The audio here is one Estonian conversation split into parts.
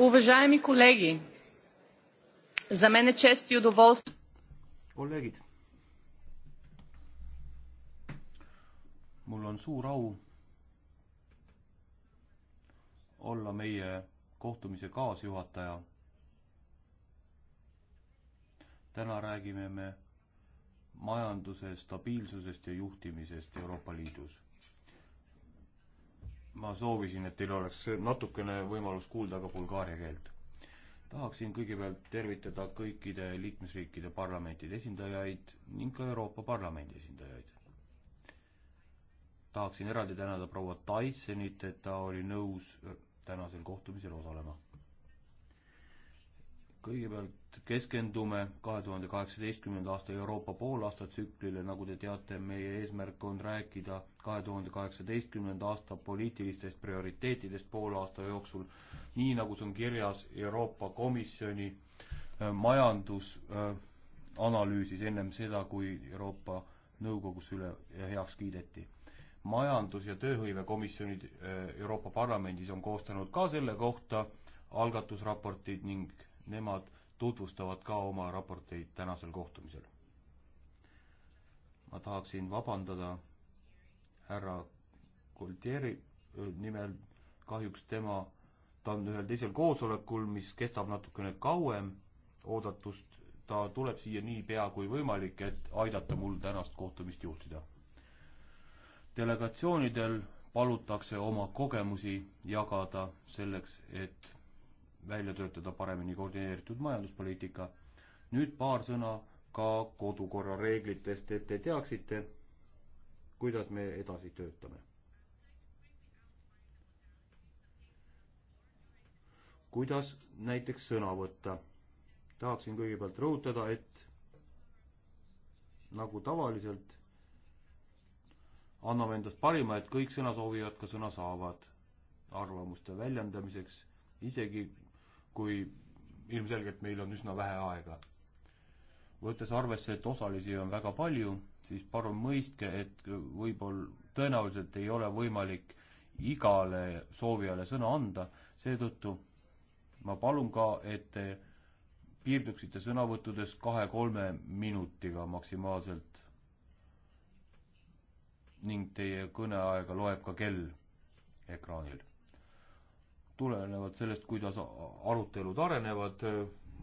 Уважаеми колеги, за мен е чест и удоволствие. Kolleegid, mul on suur au olla meie kohtumise kaasjuhataja. täna räägime me majanduse stabiilsusest ja juhtimisest Euroopa Liidus ma soovisin, et teil oleks natukene võimalus kuulda ka bulgaaria keelt. tahaksin kõigepealt tervitada kõikide liikmesriikide parlamentide esindajaid ning ka Euroopa Parlamendi esindajaid. tahaksin eraldi tänada proua Tysonit, et ta oli nõus äh, tänasel kohtumisel osalema kõigepealt keskendume kahe tuhande kaheksateistkümnenda aasta Euroopa poolaastatsüklile, nagu te teate, meie eesmärk on rääkida kahe tuhande kaheksateistkümnenda aasta poliitilistest prioriteetidest poole aasta jooksul, nii nagu see on kirjas Euroopa Komisjoni äh, majandusanalüüsis äh, ennem seda, kui Euroopa Nõukogus üle äh, heaks kiideti majandus- ja tööhõivekomisjonid Euroopa Parlamendis on koostanud ka selle kohta algatusraportid ning nemad tutvustavad ka oma raporteid tänasel kohtumisel. ma tahaksin vabandada härra Koltieri nimel, kahjuks tema, ta on ühel teisel koosolekul, mis kestab natukene kauem oodatust, ta tuleb siia niipea kui võimalik, et aidata mul tänast kohtumist juhtida. delegatsioonidel palutakse oma kogemusi jagada selleks, et välja töötada paremini koordineeritud majanduspoliitika. nüüd paar sõna ka kodukorra reeglitest, et te teaksite, kuidas me edasi töötame. kuidas näiteks sõna võtta? tahaksin kõigepealt rõhutada, et nagu tavaliselt anname endast parima, et kõik sõnasoovijad ka sõna saavad arvamuste väljendamiseks, isegi kui ilmselgelt meil on üsna vähe aega. võttes arvesse, et osalisi on väga palju, siis palun mõistke, et võib-olla, tõenäoliselt ei ole võimalik igale soovijale sõna anda, seetõttu ma palun ka, et te piirduksite sõnavõttudes kahe-kolme minutiga maksimaalselt ning teie kõneaega loeb ka kell ekraanil tulenevalt sellest, kuidas arutelud arenevad,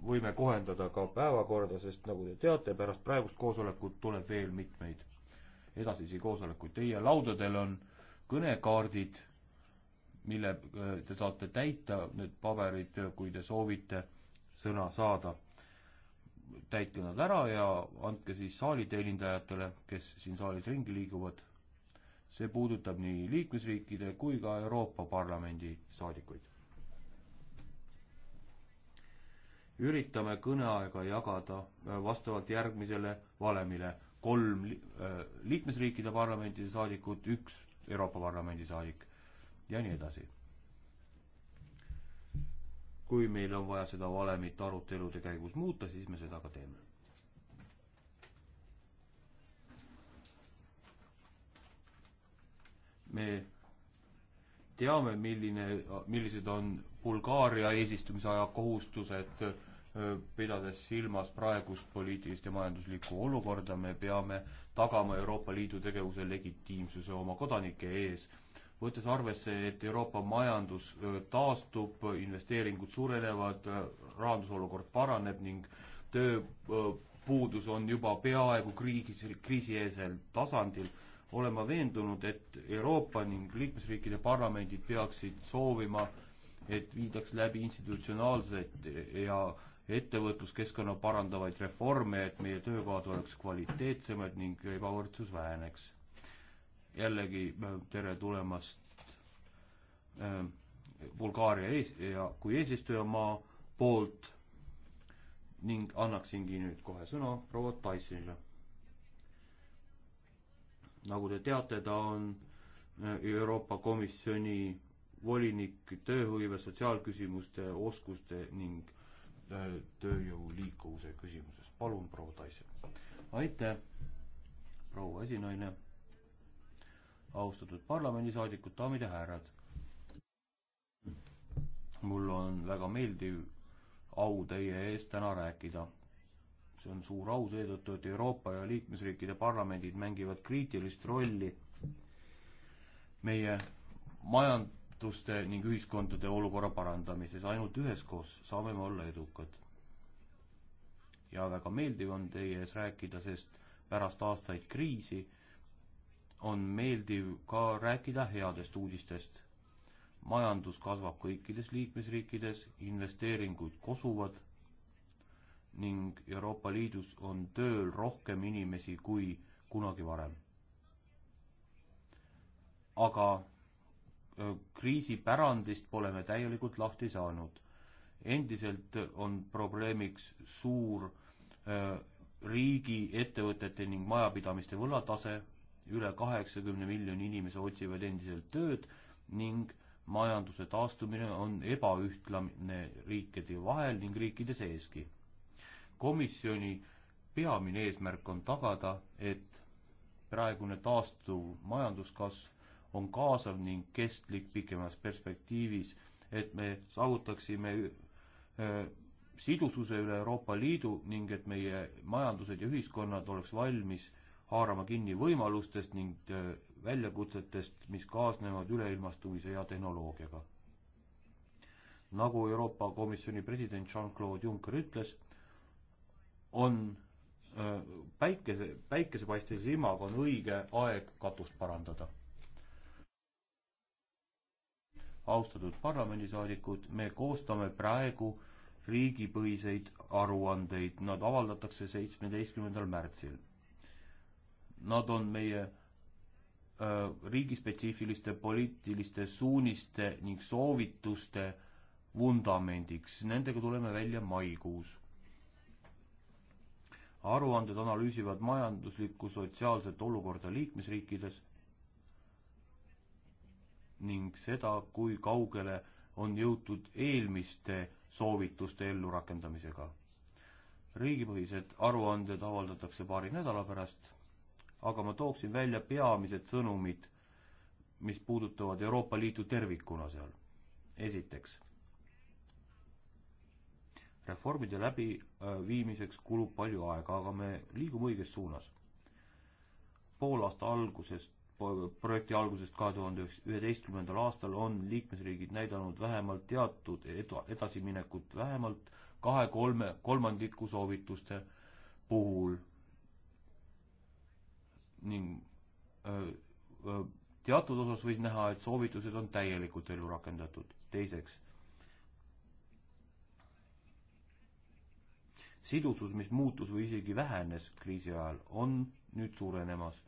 võime kohendada ka päevakorda, sest nagu te teate, pärast praegust koosolekut tuleb veel mitmeid edasisi koosolekuid. Teie laudadel on kõnekaardid, mille äh, te saate täita, need paberid, kui te soovite sõna saada. täitke nad ära ja andke siis saali teenindajatele, kes siin saalis ringi liiguvad see puudutab nii liikmesriikide kui ka Euroopa Parlamendi saadikuid. üritame kõneaega jagada äh, vastavalt järgmisele valemile kolm li äh, liikmesriikide parlamendi saadikut, üks Euroopa Parlamendi saadik ja nii edasi. kui meil on vaja seda valemit arutelude käigus muuta, siis me seda ka teeme. me teame, milline, millised on Bulgaaria eesistumise aja kohustused, pidades silmas praegust poliitilist ja majanduslikku olukorda, me peame tagama Euroopa Liidu tegevuse legitiimsuse oma kodanike ees, võttes arvesse, et Euroopa majandus taastub, investeeringud suurenevad, rahandusolukord paraneb ning tööpuudus on juba peaaegu kriisi, kriisieelsel tasandil olen ma veendunud, et Euroopa ning liikmesriikide parlamendid peaksid soovima, et viidaks läbi institutsionaalseid ja ettevõtluskeskkonna parandavaid reforme, et meie töökohad oleks kvaliteetsemad ning ebavõrdsus väheneks. jällegi äh, tere tulemast äh, Bulgaaria ees- ja kui eesistujamaa poolt ning annaksingi nüüd kohe sõna proua Tysonile nagu te teate, ta on äh, Euroopa Komisjoni volinik tööhõive sotsiaalküsimuste, oskuste ning äh, tööjõu liikuvuse küsimuses. palun, proua Taisen. aitäh, proua esinaine. austatud parlamendisaadikud, daamid ja härrad. mul on väga meeldiv au teie ees täna rääkida see on suur au seetõttu, et Euroopa ja liikmesriikide parlamendid mängivad kriitilist rolli meie majanduste ning ühiskondade olukorra parandamises, ainult üheskoos saame me olla edukad. ja väga meeldiv on teie ees rääkida, sest pärast aastaid kriisi on meeldiv ka rääkida headest uudistest. majandus kasvab kõikides liikmesriikides, investeeringud kosuvad ning Euroopa Liidus on tööl rohkem inimesi kui kunagi varem. aga kriisi pärandist pole me täielikult lahti saanud. endiselt on probleemiks suur öö, riigi, ettevõtete ning majapidamiste võlatase, üle kaheksakümne miljoni inimese otsivad endiselt tööd ning majanduse taastumine on ebaühtlane riikide vahel ning riikide seeski komisjoni peamine eesmärk on tagada, et praegune taastuv majanduskasv on kaasav ning kestlik pikemas perspektiivis, et me saavutaksime sidususe üle Euroopa Liidu ning et meie majandused ja ühiskonnad oleks valmis haarama kinni võimalustest ning väljakutsetest, mis kaasnevad üleilmastumise ja tehnoloogiaga. nagu Euroopa Komisjoni president Jean-Claude Juncker ütles, on äh, päikese, päikesepaistelise ilmaga on õige aeg katust parandada. austatud parlamendisaadikud, me koostame praegu riigipõhiseid aruandeid, nad avaldatakse seitsmeteistkümnendal märtsil. Nad on meie öö, äh, riigispetsiifiliste poliitiliste suuniste ning soovituste vundamendiks, nendega tuleme välja maikuus aruanded analüüsivad majanduslikku, sotsiaalset olukorda liikmesriikides ning seda, kui kaugele on jõutud eelmiste soovituste ellurakendamisega. riigipõhised aruanded avaldatakse paari nädala pärast, aga ma tooksin välja peamised sõnumid, mis puudutavad Euroopa Liitu tervikuna seal. esiteks reformide läbiviimiseks äh, kulub palju aega, aga me liigume õiges suunas. poolaasta algusest, projekti algusest kahe tuhande üheteistkümnendal aastal on liikmesriigid näidanud vähemalt teatud edu, edasiminekut vähemalt kahe-kolme, kolmandiku soovituste puhul ning öö, äh, öö, äh, teatud osas võis näha, et soovitused on täielikult ellu rakendatud. teiseks, sidusus, mis muutus või isegi vähenes kriisi ajal, on nüüd suurenemas.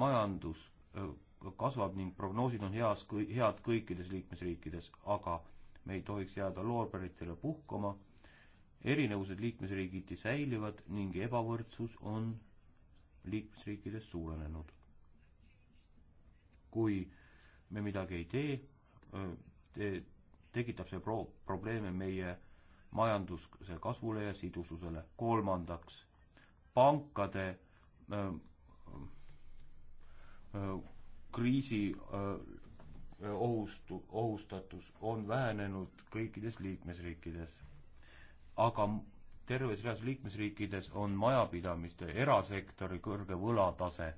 majandus kasvab ning prognoosid on heas, head kõikides liikmesriikides, aga me ei tohiks jääda loorberitele puhkama, erinevused liikmesriigiti säilivad ning ebavõrdsus on liikmesriikides suurenenud. kui me midagi ei tee, te, tekitab see pro-, probleeme meie majanduse kasvule ja sidususele. kolmandaks, pankade öö, öö, kriisi öö, ohustu, ohustatus on vähenenud kõikides liikmesriikides. aga terves reas liikmesriikides on majapidamiste erasektori kõrge võlatase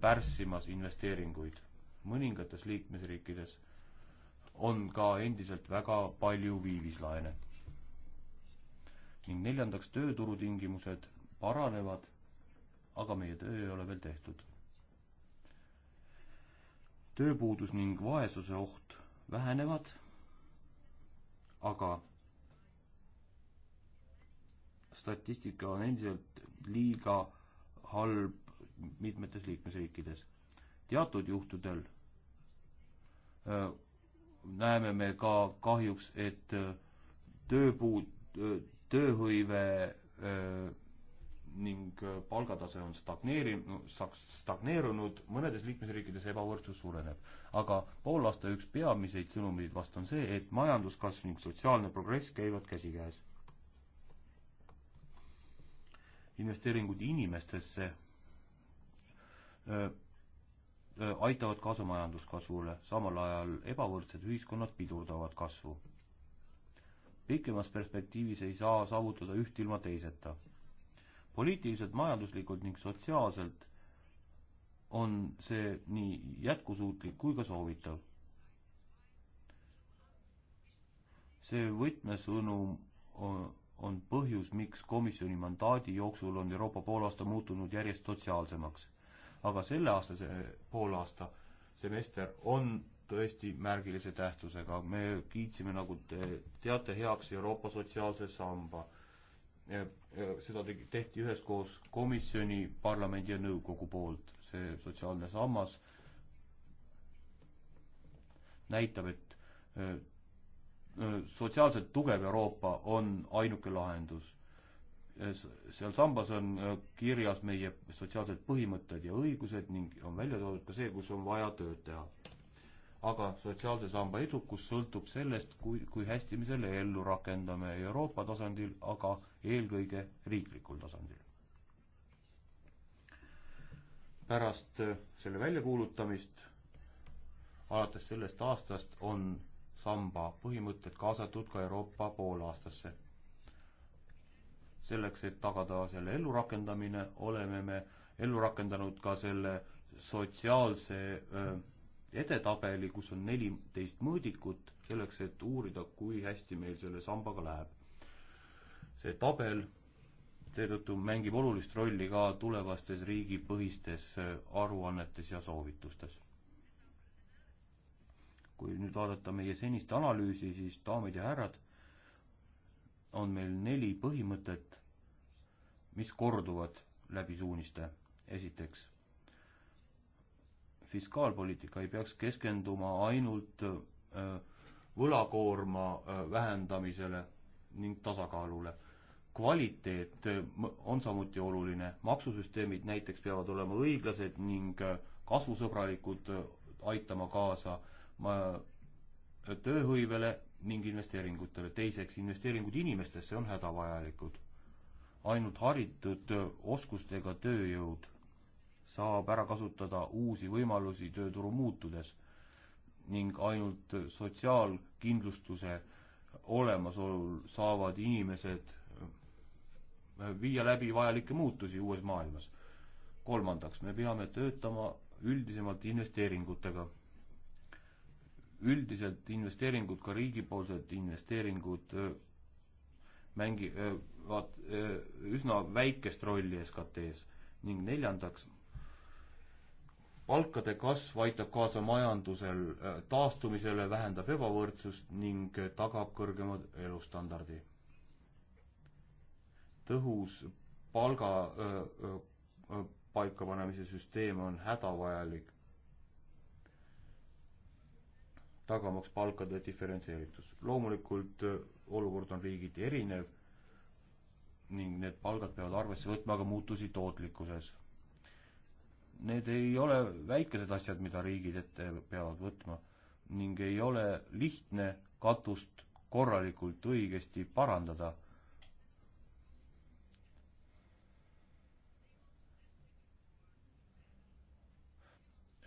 pärssimas investeeringuid. mõningates liikmesriikides on ka endiselt väga palju viivislaene ning neljandaks, tööturutingimused paranevad, aga meie töö ei ole veel tehtud. tööpuudus ning vaesuse oht vähenevad, aga statistika on endiselt liiga halb mitmetes liikmesriikides. teatud juhtudel öö, näeme me ka kahjuks, et tööpuud, tööhõive öö, ning palgatase on stagneerinud, stagneerunud, mõnedes liikmesriikides ebavõrdsus suureneb. aga poolaasta üks peamiseid sõnumeid vast on see, et majanduskasv ning sotsiaalne progress käivad käsikäes. investeeringud inimestesse öö, öö, aitavad kaasa majanduskasvule, samal ajal ebavõrdsed ühiskonnad pidurdavad kasvu pikemas perspektiivis ei saa saavutada üht ilma teiseta. poliitiliselt, majanduslikult ning sotsiaalselt on see nii jätkusuutlik kui ka soovitav. see võtmesõnum on, on põhjus, miks komisjoni mandaadi jooksul on Euroopa poolaasta muutunud järjest sotsiaalsemaks. aga selleaastase poolaasta semester on tõesti märgilise tähtsusega. me kiitsime, nagu te teate, heaks Euroopa sotsiaalse samba. seda tegi, tehti üheskoos komisjoni, parlamendi ja nõukogu poolt. see sotsiaalne sammas näitab, et sotsiaalselt tugev Euroopa on ainuke lahendus. seal sambas on kirjas meie sotsiaalsed põhimõtted ja õigused ning on välja toodud ka see, kus on vaja tööd teha aga sotsiaalse samba edukus sõltub sellest, kui, kui hästi me selle ellu rakendame Euroopa tasandil, aga eelkõige riiklikul tasandil. pärast äh, selle väljakuulutamist, alates sellest aastast, on samba põhimõtted kaasatud ka Euroopa poolaastasse. selleks, et tagada selle ellurakendamine, oleme me ellu rakendanud ka selle sotsiaalse öö, äh, edetabeli, kus on neliteist mõõdikut, selleks et uurida, kui hästi meil selle sambaga läheb. see tabel seetõttu mängib olulist rolli ka tulevastes riigipõhistes äh, aruannetes ja soovitustes. kui nüüd vaadata meie senist analüüsi, siis daamid ja härrad, on meil neli põhimõtet, mis korduvad läbi suuniste. esiteks fiskaalpoliitika ei peaks keskenduma ainult äh, võlakoorma äh, vähendamisele ning tasakaalule. kvaliteet äh, on samuti oluline, maksusüsteemid näiteks peavad olema õiglased ning kasvusõbralikud, aitama kaasa tööhõivele ning investeeringutele. teiseks, investeeringud inimestesse on hädavajalikud. ainult haritud oskustega tööjõud saab ära kasutada uusi võimalusi tööturu muutudes ning ainult sotsiaalkindlustuse olemasolul saavad inimesed äh, viia läbi vajalikke muutusi uues maailmas. kolmandaks, me peame töötama üldisemalt investeeringutega. üldiselt investeeringud, ka riigipoolsed investeeringud äh, mängivad äh, üsna väikest rolli SKT-s ning neljandaks, palkade kasv aitab kaasa majandusel äh, taastumisele, vähendab ebavõrdsust ning äh, tagab kõrgema elustandardi. tõhus palga äh, paikapanemise süsteem on hädavajalik, tagamaks palkade diferentseeritus. loomulikult olukord on riigiti erinev ning need palgad peavad arvesse võtma ka muutusi tootlikkuses need ei ole väikesed asjad, mida riigid ette peavad võtma ning ei ole lihtne katust korralikult õigesti parandada.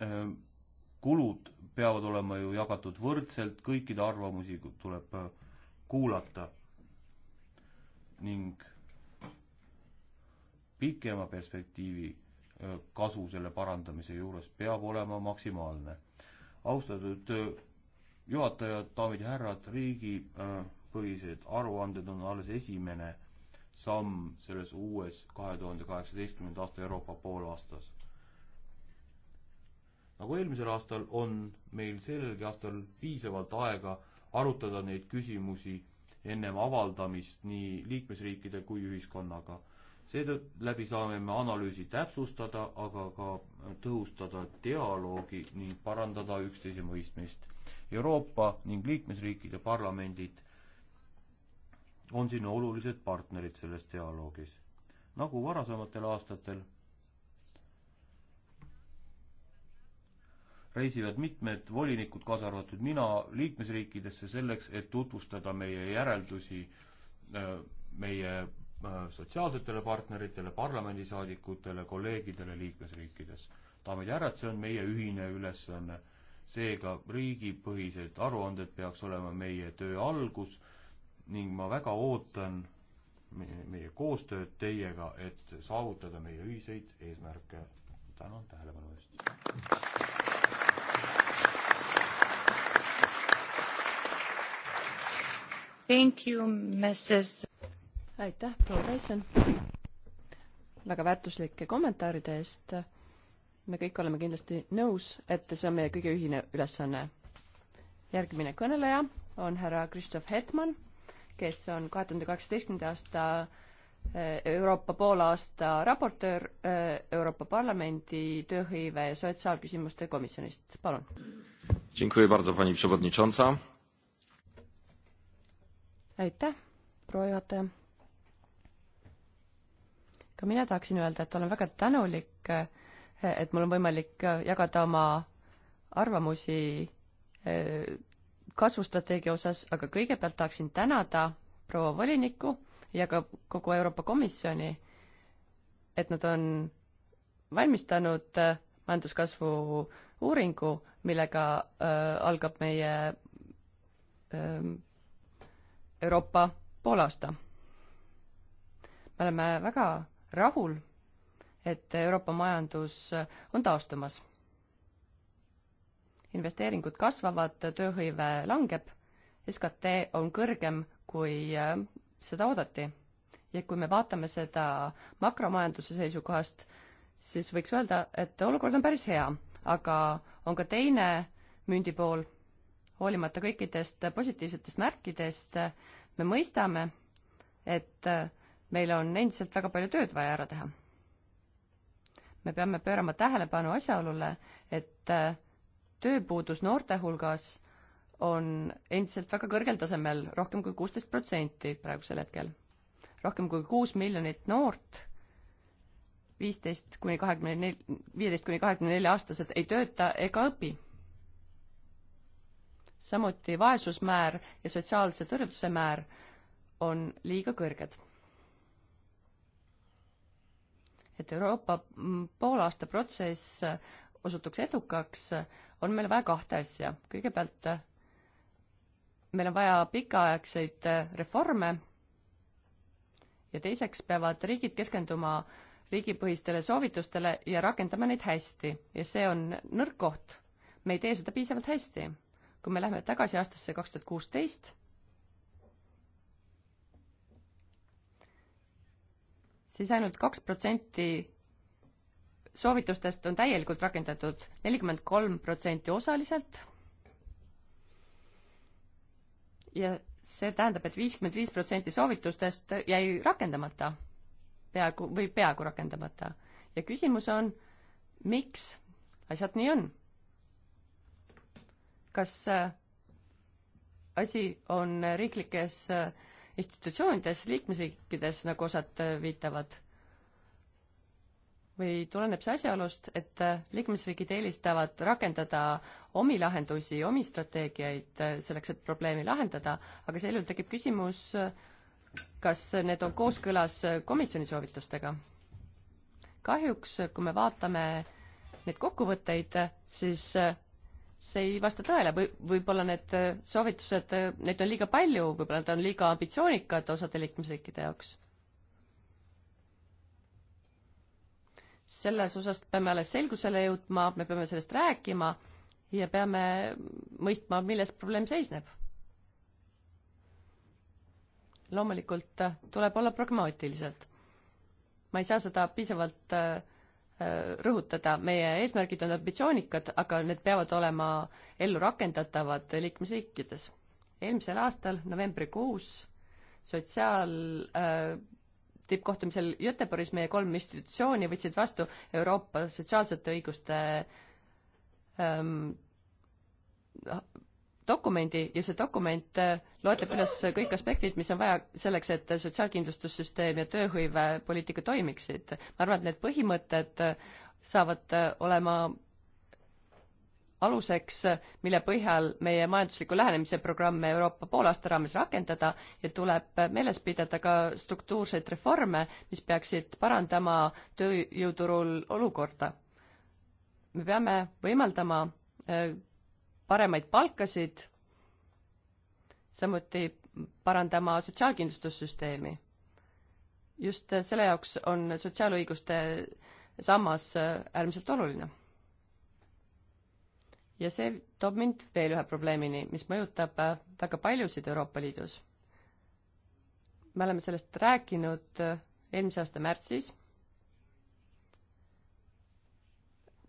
Ehm, kulud peavad olema ju jagatud võrdselt, kõikide arvamusi tuleb ehm, kuulata ning pikema perspektiivi Äh, kasu selle parandamise juures peab olema maksimaalne. austatud äh, juhatajad, daamid ja härrad, riigipõhised äh, aruanded on alles esimene samm selles uues kahe tuhande kaheksateistkümnenda aasta Euroopa poolaastas. nagu eelmisel aastal, on meil sellelgi aastal piisavalt aega arutada neid küsimusi ennem avaldamist nii liikmesriikide kui ühiskonnaga seetõttu läbi saame me analüüsi täpsustada, aga ka tõhustada dialoogi ning parandada üksteise mõistmist. Euroopa ning liikmesriikide parlamendid on siin olulised partnerid selles dialoogis. nagu varasematel aastatel reisivad mitmed volinikud, kaasa arvatud mina, liikmesriikidesse selleks, et tutvustada meie järeldusi äh, meie Äh, sotsiaalsetele partneritele, parlamendisaadikutele, kolleegidele liikmesriikides. daamid ja härrad, see on meie ühine ülesanne. seega riigipõhised aruanded peaks olema meie töö algus ning ma väga ootan meie koostööd teiega, et saavutada meie ühiseid eesmärke. tänan tähelepanu eest. Thank you, Mrs aitäh, proua Tyson, väga väärtuslike kommentaaride eest. me kõik oleme kindlasti nõus, et see on meie kõige ühine ülesanne. järgmine kõneleja on härra Kristof Hetman, kes on kahe tuhande kaheksateistkümnenda aasta eh, Euroopa poolaasta raportöör eh, Euroopa Parlamendi tööhõive ja sotsiaalküsimuste komisjonist, palun. aitäh, proua juhataja ka mina tahaksin öelda, et olen väga tänulik, et mul on võimalik jagada oma arvamusi eh, kasvustrateegia osas, aga kõigepealt tahaksin tänada proua volinikku ja ka kogu Euroopa Komisjoni, et nad on valmistanud eh, majanduskasvu uuringu, millega äh, algab meie äh, Euroopa poolaasta. me oleme väga rahul, et Euroopa majandus on taastumas. investeeringud kasvavad, tööhõive langeb, SKT on kõrgem, kui äh, seda oodati. ja kui me vaatame seda makromajanduse seisukohast, siis võiks öelda, et olukord on päris hea, aga on ka teine mündi pool, hoolimata kõikidest positiivsetest märkidest, me mõistame, et äh, meil on endiselt väga palju tööd vaja ära teha. me peame pöörama tähelepanu asjaolule, et äh, tööpuudus noorte hulgas on endiselt väga kõrgel tasemel, rohkem kui kuusteist protsenti praegusel hetkel. rohkem kui kuus miljonit noort, viisteist kuni kahekümne nel-, viieteist kuni kahekümne nelja aastased ei tööta ega õpi. samuti vaesusmäär ja sotsiaalse tõrjutuse määr on liiga kõrged et Euroopa mm, poolaasta protsess äh, osutuks edukaks, äh, on meil vaja kahte asja. kõigepealt äh, meil on vaja pikaaegseid reforme ja teiseks peavad riigid keskenduma riigipõhistele soovitustele ja rakendama neid hästi ja see on nõrk koht. me ei tee seda piisavalt hästi. kui me läheme tagasi aastasse kaks tuhat kuusteist, siis ainult kaks protsenti soovitustest on täielikult rakendatud, nelikümmend kolm protsenti osaliselt ja see tähendab et, et viiskümmend viis protsenti soovitustest jäi rakendamata, peaaegu või peaaegu rakendamata. ja küsimus on, miks asjad nii on? kas äh, asi on riiklikes äh, institutsioonides, liikmesriikides, nagu osad äh, viitavad? või tuleneb see asjaolust, et äh, liikmesriigid eelistavad rakendada omi lahendusi, omi strateegiaid äh, selleks, et probleemi lahendada, aga sel juhul tekib küsimus, kas need on kooskõlas komisjoni soovitustega? kahjuks, kui me vaatame neid kokkuvõtteid, siis see ei vasta tõele või võib-olla need äh, soovitused, äh, neid on liiga palju, võib-olla nad on liiga ambitsioonikad osade liikmesriikide jaoks. selles osas peame alles selgusele jõudma, me peame sellest rääkima ja peame mõistma, milles probleem seisneb. loomulikult äh, tuleb olla pragmaatilised. ma ei saa seda piisavalt äh, rõhutada, meie eesmärgid on ambitsioonikad, aga need peavad olema ellu rakendatavad liikmesriikides. eelmisel aastal novembrikuus sotsiaal äh, tippkohtumisel Göteborgis meie kolm institutsiooni võtsid vastu Euroopa sotsiaalsete õiguste ähm, dokumendi ja see dokument äh, loetleb üles kõik aspektid, mis on vaja selleks, et sotsiaalkindlustussüsteem ja tööhõivepoliitika toimiksid. ma arvan, et need põhimõtted äh, saavad äh, olema aluseks, mille põhjal meie majandusliku lähenemise programme Euroopa poolaasta raames rakendada ja tuleb meeles pidada ka struktuurseid reforme, mis peaksid parandama tööjõuturul olukorda. me peame võimaldama paremaid palkasid, samuti parandama sotsiaalkindlustussüsteemi. just selle jaoks on sotsiaalõiguste sammas äärmiselt oluline. ja see toob mind veel ühe probleemini, mis mõjutab väga paljusid Euroopa Liidus. me oleme sellest rääkinud eelmise aasta märtsis.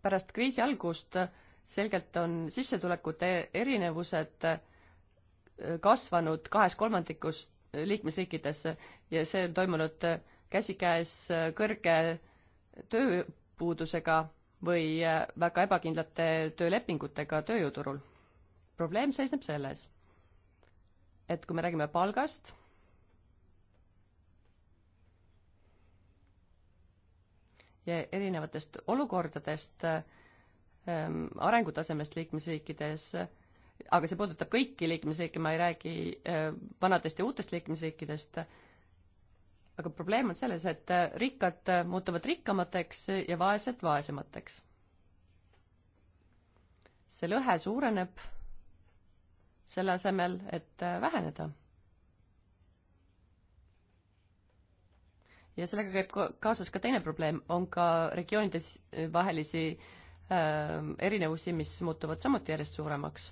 pärast kriisi algust selgelt on sissetulekute erinevused äh, kasvanud kahes kolmandikus äh, liikmesriikides äh, ja see on toimunud käsikäes kõrge tööpuudusega või väga ebakindlate töölepingutega tööjõuturul. probleem seisneb selles, et kui me räägime palgast, ja erinevatest olukordadest äh, Ähm, arengutasemest liikmesriikides, aga see puudutab kõiki liikmesriike, ma ei räägi äh, vanadest ja uutest liikmesriikidest, aga probleem on selles, et äh, rikkad äh, muutuvad rikkamateks ja vaesed vaesemateks. see lõhe suureneb selle asemel, et väheneda. ja sellega käib kaasas ka teine probleem, on ka regioonides vahelisi äh, Ähm, erinevusi, mis muutuvad samuti järjest suuremaks.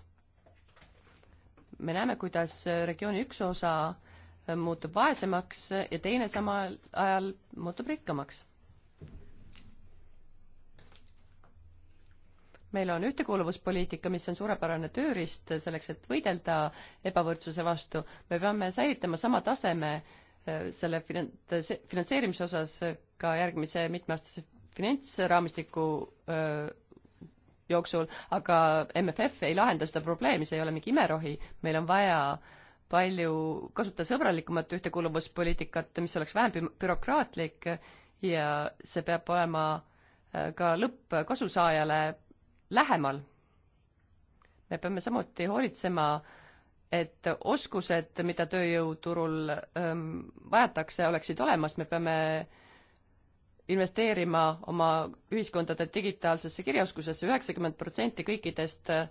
me näeme, kuidas regiooni üks osa äh, muutub vaesemaks ja teine samal ajal muutub rikkamaks. meil on ühtekuuluvuspoliitika, mis on suurepärane tööriist selleks, et võidelda ebavõrdsuse vastu. me peame säilitama sama taseme äh, selle finantseerimise osas ka järgmise mitmeaastase finantsraamistiku öö, äh, jooksul, aga MFF ei lahenda seda probleemi, see ei ole mingi imerohi, meil on vaja palju kasutada sõbralikumat ühtekuuluvuspoliitikat, mis oleks vähem bürokraatlik ja see peab olema äh, ka lõppkasusaajale lähemal. me peame samuti hoolitsema, et oskused, mida tööjõuturul ähm, vajatakse, oleksid olemas, me peame äh, investeerima oma ühiskondade digitaalsesse kirjaoskusesse, üheksakümmend protsenti kõikidest äh,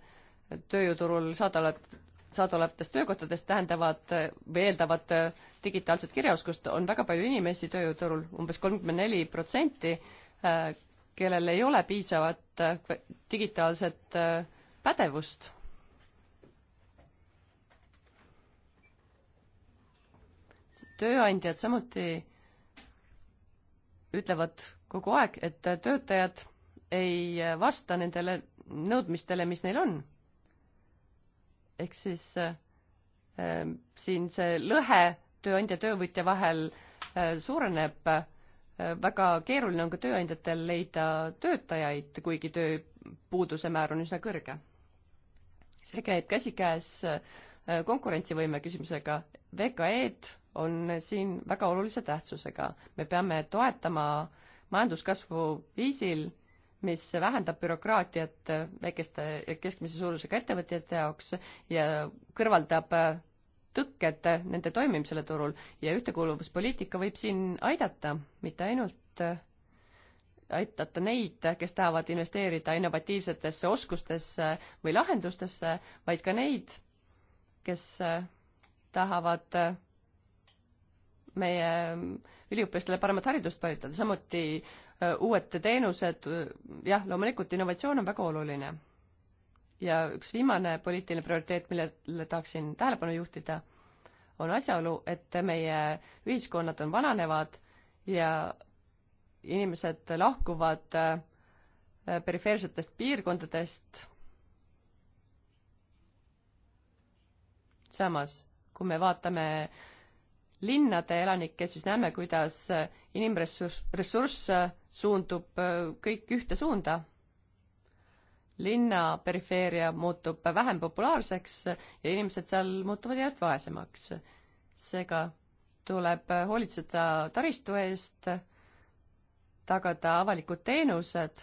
tööjõuturul saadaolevat, saadaolevatest töökohtadest tähendavad äh, või eeldavad äh, digitaalset kirjaoskust, on väga palju inimesi tööjõuturul, umbes kolmkümmend neli protsenti, kellel ei ole piisavat digitaalset pädevust tööandjad samuti ütlevad kogu aeg, et töötajad ei vasta nendele nõudmistele, mis neil on. ehk siis äh, siin see lõhe tööandja, töövõtja vahel äh, suureneb äh,, väga keeruline on ka tööandjatel leida töötajaid, kuigi tööpuuduse määr on üsna kõrge. see käib käsikäes äh, konkurentsivõime küsimusega, VKE-d on siin väga olulise tähtsusega. me peame toetama majanduskasvu viisil, mis vähendab bürokraatiat väikeste ja keskmise suurusega ettevõtjate jaoks ja kõrvaldab tõkked nende toimimisele turul ja ühtekuuluvuspoliitika võib siin aidata, mitte ainult aidata neid, kes tahavad investeerida innovatiivsetesse oskustesse või lahendustesse, vaid ka neid, kes tahavad meie üliõpilastele paremat haridust päritada, samuti uued teenused, jah, loomulikult innovatsioon on väga oluline. ja üks viimane poliitiline prioriteet, millele tahaksin tähelepanu juhtida, on asjaolu, et meie ühiskonnad on vananevad ja inimesed lahkuvad perifeersetest piirkondadest. samas, kui me vaatame äh, linnade elanikke, siis näeme, kuidas inimressurss, ressurss suundub äh, kõik ühte suunda. linna perifeeria muutub vähem populaarseks ja inimesed seal muutuvad järjest vaesemaks. seega tuleb hoolitseda taristu eest, tagada avalikud teenused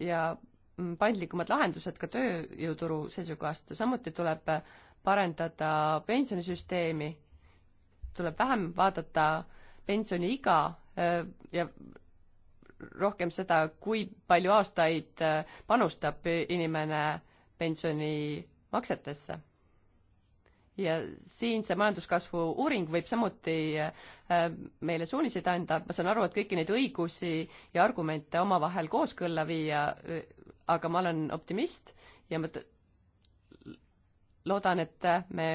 ja mm, paindlikumad lahendused ka tööjõuturu seisukohast, samuti tuleb äh, parendada pensionisüsteemi, tuleb vähem vaadata pensioniiga äh, ja rohkem seda, kui palju aastaid äh, panustab inimene pensionimaksetesse. ja siin see majanduskasvu uuring võib samuti äh, meile suuniseid anda, ma saan aru, et kõiki neid õigusi ja argumente omavahel kooskõlla viia, aga ma olen optimist ja ma t-, loodan, et äh, me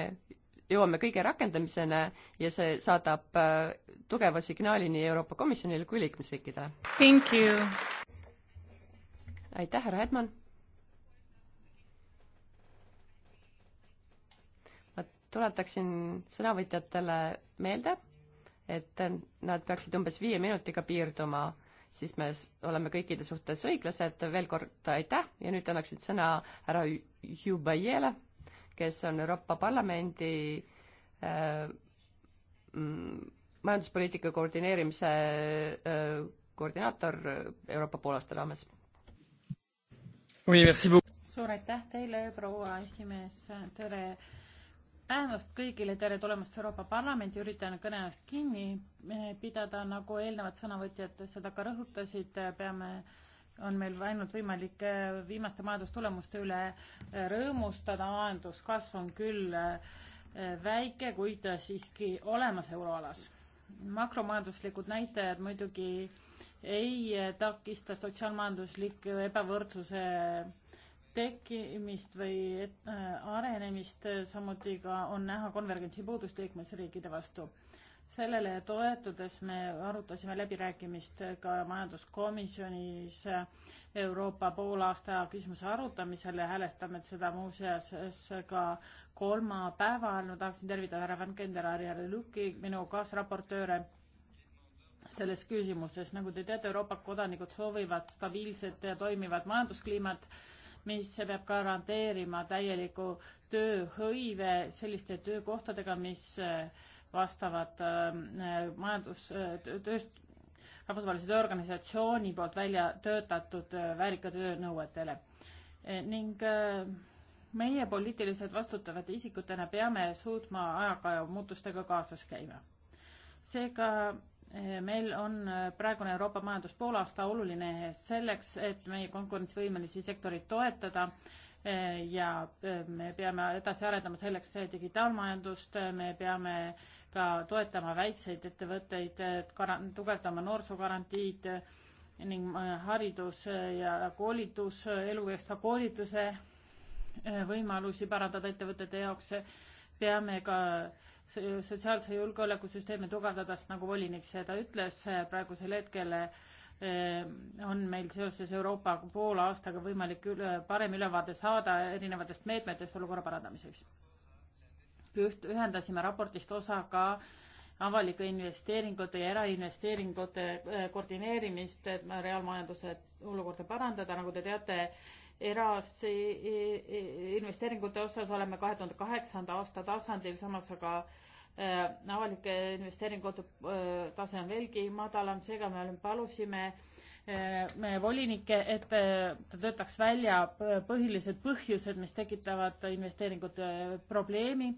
jõuame kõige rakendamisena ja see saadab äh, tugeva signaali nii Euroopa Komisjonile kui liikmesriikidele. aitäh, härra Hetman. ma tuletaksin sõnavõtjatele meelde, et nad peaksid umbes viie minutiga piirduma, siis me oleme kõikide suhtes õiglased, veel kord aitäh ja nüüd annaksin sõna härra Jubayele kes on Euroopa Parlamendi äh, mm, majanduspoliitika koordineerimise äh, koordinaator Euroopa poolaasta raames oui,. suur aitäh teile, proua esimees, tere päevast kõigile, tere tulemast Euroopa Parlamendi, üritan kõne ajast kinni eh, pidada, nagu eelnevad sõnavõtjad seda ka rõhutasid, eh, peame äh, on meil ainult võimalik äh, viimaste majandustulemuste üle äh, rõõmustada, majanduskasv on küll äh, väike, kuid siiski olemas euroalas. makromajanduslikud näitajad muidugi ei takista sotsiaalmajandusliku ebavõrdsuse tekkimist või arenemist, samuti ka on näha konvergentsi puudust liikmesriikide vastu sellele toetudes me arutasime läbirääkimist ka majanduskomisjonis Euroopa poolaasta küsimuse arutamisel ja häälestame seda muuseas ka kolmapäeval. ma tahaksin tervitada härra Van Kenderari ja Lükki, minu kaasraportööre selles küsimuses. nagu te teate, Euroopa kodanikud soovivad stabiilset ja toimivat majanduskliimat, mis peab garanteerima täieliku tööhõive selliste töökohtadega, mis vastavad ähm, majandus, äh, tööst-, rahvusvahelise tööorganisatsiooni poolt välja töötatud äh, väärika töö nõuetele. E, ning äh, meie poliitilised vastutavate isikutena peame suutma ajaga ja muutustega kaasas käima. seega e, meil on praegune Euroopa majandus poolaasta oluline selleks, et meie konkurentsivõimelisi sektoreid toetada e, ja me peame edasi arendama selleks digitaalmajandust, me peame ka toetama väikseid ettevõtteid, tugevdama noorsoogarantiid ning äh, haridus ja koolitus, elukestva koolituse äh, võimalusi parandada ettevõtete jaoks. peame ka sotsiaalse julgeolekusüsteemi tugevdada, sest nagu volinik seda ütles, äh, praegusel hetkel on meil seoses Euroopa poole aastaga võimalik üle, parem ülevaade saada erinevatest meetmetest olukorra parandamiseks püht-, ühendasime raportist osa ka avalike investeeringute ja erainvesteeringute äh, koordineerimist, et reaalmajanduse olukorda parandada, nagu te teate, erasse e, e, investeeringute osas oleme kahe tuhande kaheksanda aasta tasandil, samas aga äh, avalike investeeringute äh, tase on veelgi madalam, seega me palusime äh, Eh, volinikke, et eh, ta töötaks välja põhilised põhjused, mis tekitavad investeeringute probleemi.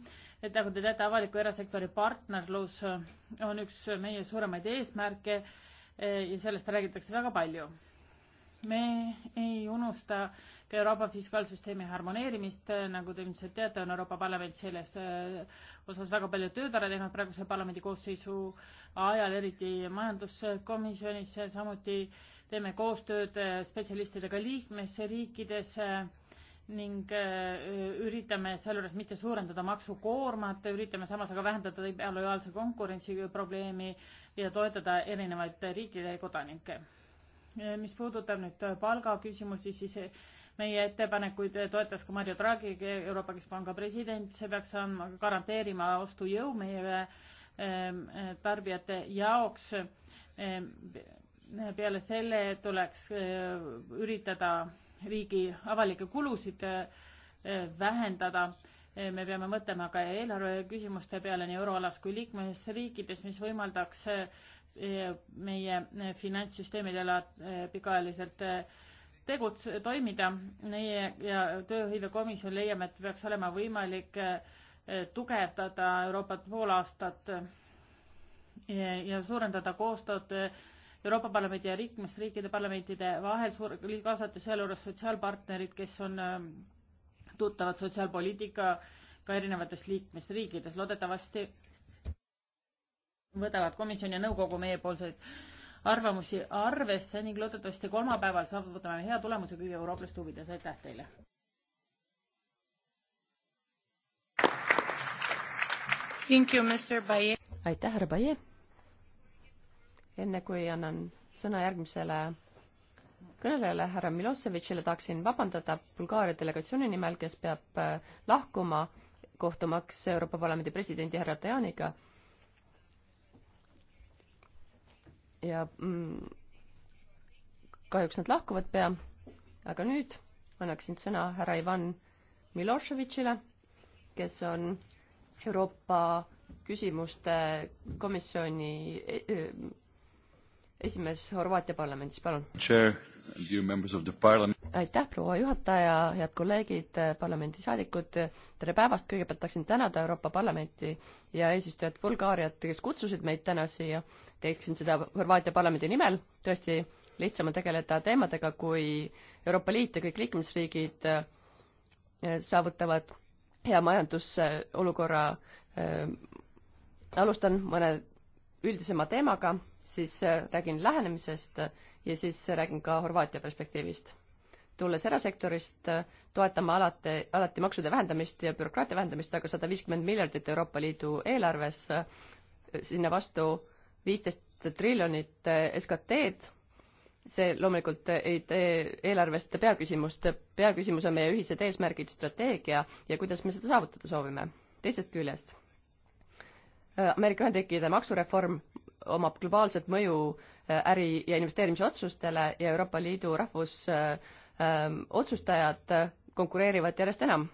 et nagu te teate, avaliku erasektori partnerlus eh, on üks meie suuremaid eesmärke ja sellest räägitakse väga palju me ei unusta ka Euroopa fiskaalsüsteemi harmoneerimist, nagu te ilmselt teate, on Euroopa Parlament selles äh, osas väga palju tööd ära teinud praeguse parlamendi koosseisu ajal, eriti majanduskomisjonis, samuti teeme koostööd äh, spetsialistidega liikmesriikides äh, ning üritame sealjuures mitte suurendada maksukoormat, üritame samas aga vähendada ebalojaalse konkurentsi probleemi ja toetada erinevaid riikide kodanikke mis puudutab nüüd palgaküsimusi, siis meie ettepanekuid toetas ka Mario Draghi, Euroopa Keskpanga president, see peaks andma, garanteerima ostujõu meie ehm, tarbijate jaoks. Ehm, peale selle tuleks ehm, üritada riigi avalikke kulusid vähendada. me peame mõtlema ka eelarve küsimuste peale nii euroalas kui liikmesriikides, mis võimaldaks meie finantssüsteemidele eh, pikaajaliselt eh, tegutse-, toimida. meie ja Tööhõivekomisjon leiame, et peaks olema võimalik eh, tugevdada Euroopat pool aastat ja suurendada koostööd Euroopa Parlamendi ja liikmesriikide parlamentide vahel, suur-, kaasata sealjuures sotsiaalpartnerid, kes on tuttavad sotsiaalpoliitikaga erinevates liikmesriikides. loodetavasti võtavad komisjon ja nõukogu meiepoolseid arvamusi arvesse ning loodetavasti kolmapäeval saavutame hea tulemuse kõigi eurooplaste huvides, aitäh teile! aitäh, härra Baie! enne kui annan sõna järgmisele kõnelejale, härra Miloševitšile, tahaksin vabandada Bulgaaria delegatsiooni nimel, kes peab äh, lahkuma, kohtumaks Euroopa Parlamendi presidendi härra Tajaniga ja mm, kahjuks nad lahkuvad pea. aga nüüd annaksin sõna härra Ivan Miloševitšile, kes on Euroopa küsimuste komisjoni eh, esimees Horvaatia parlamendis, palun. aitäh, proua juhataja, head kolleegid, eh, parlamendisaadikud, tere päevast, kõigepealt tahaksin tänada Euroopa Parlamenti ja eesistujat Bulgaariat, kes kutsusid meid täna siia. teeksin seda Horvaatia parlamendi nimel, tõesti lihtsam on tegeleda teemadega, kui Euroopa Liit ja kõik liikmesriigid eh, saavutavad hea majandusolukorra. Eh, alustan mõne üldisema teemaga siis äh, räägin lähenemisest ja siis räägin ka Horvaatia perspektiivist. tulles erasektorist, äh, toetame alati, alati maksude vähendamist ja bürokraatia vähendamist, aga sada viiskümmend miljardit Euroopa Liidu eelarves, äh, sinna vastu viisteist triljonit SKT-d, see loomulikult ei tee eelarvest peaküsimust, peaküsimus on meie ühised eesmärgid, strateegia ja kuidas me seda saavutada soovime. teisest küljest Ameerika Ühendriikide maksureform omab globaalset mõju äh, äri- ja investeerimisotsustele ja Euroopa Liidu rahvusotsustajad äh, ähm, äh, konkureerivad järjest enam.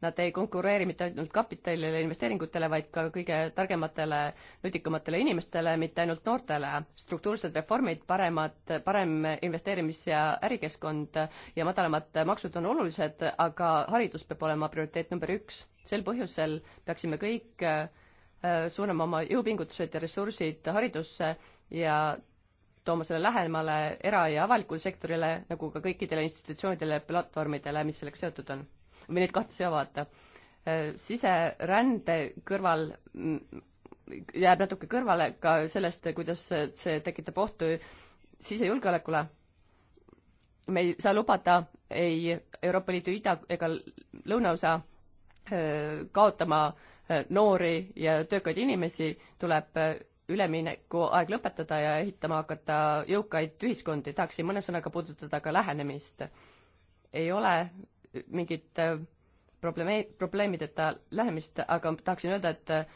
Nad ei konkureeri mitte ainult kapitalile ja investeeringutele, vaid ka kõige targematele, nutikamatele inimestele, mitte ainult noortele. struktuursed reformid, paremad, parem investeerimis- ja ärikeskkond ja madalamad maksud on olulised, aga haridus peab olema prioriteet number üks. sel põhjusel peaksime kõik äh, Äh, suunama oma jõupingutused ja ressursid haridusse ja tooma selle lähemale era- ja avalikule sektorile, nagu ka kõikidele institutsioonidele, platvormidele, mis sellega seotud on. või neid kahte seovad. Äh, siserände kõrval mm, jääb natuke kõrvale ka sellest, kuidas see tekitab ohtu sisejulgeolekule. me ei saa lubada ei Euroopa Liidu ida- ega lõunaosa äh, kaotama noori ja töökaid inimesi, tuleb äh, üleminekuaeg lõpetada ja ehitama hakata jõukaid ühiskondi, tahaksin mõne sõnaga puudutada ka lähenemist. ei ole mingit äh, probleemi, probleemideta lähenemist, aga tahaksin öelda, et äh,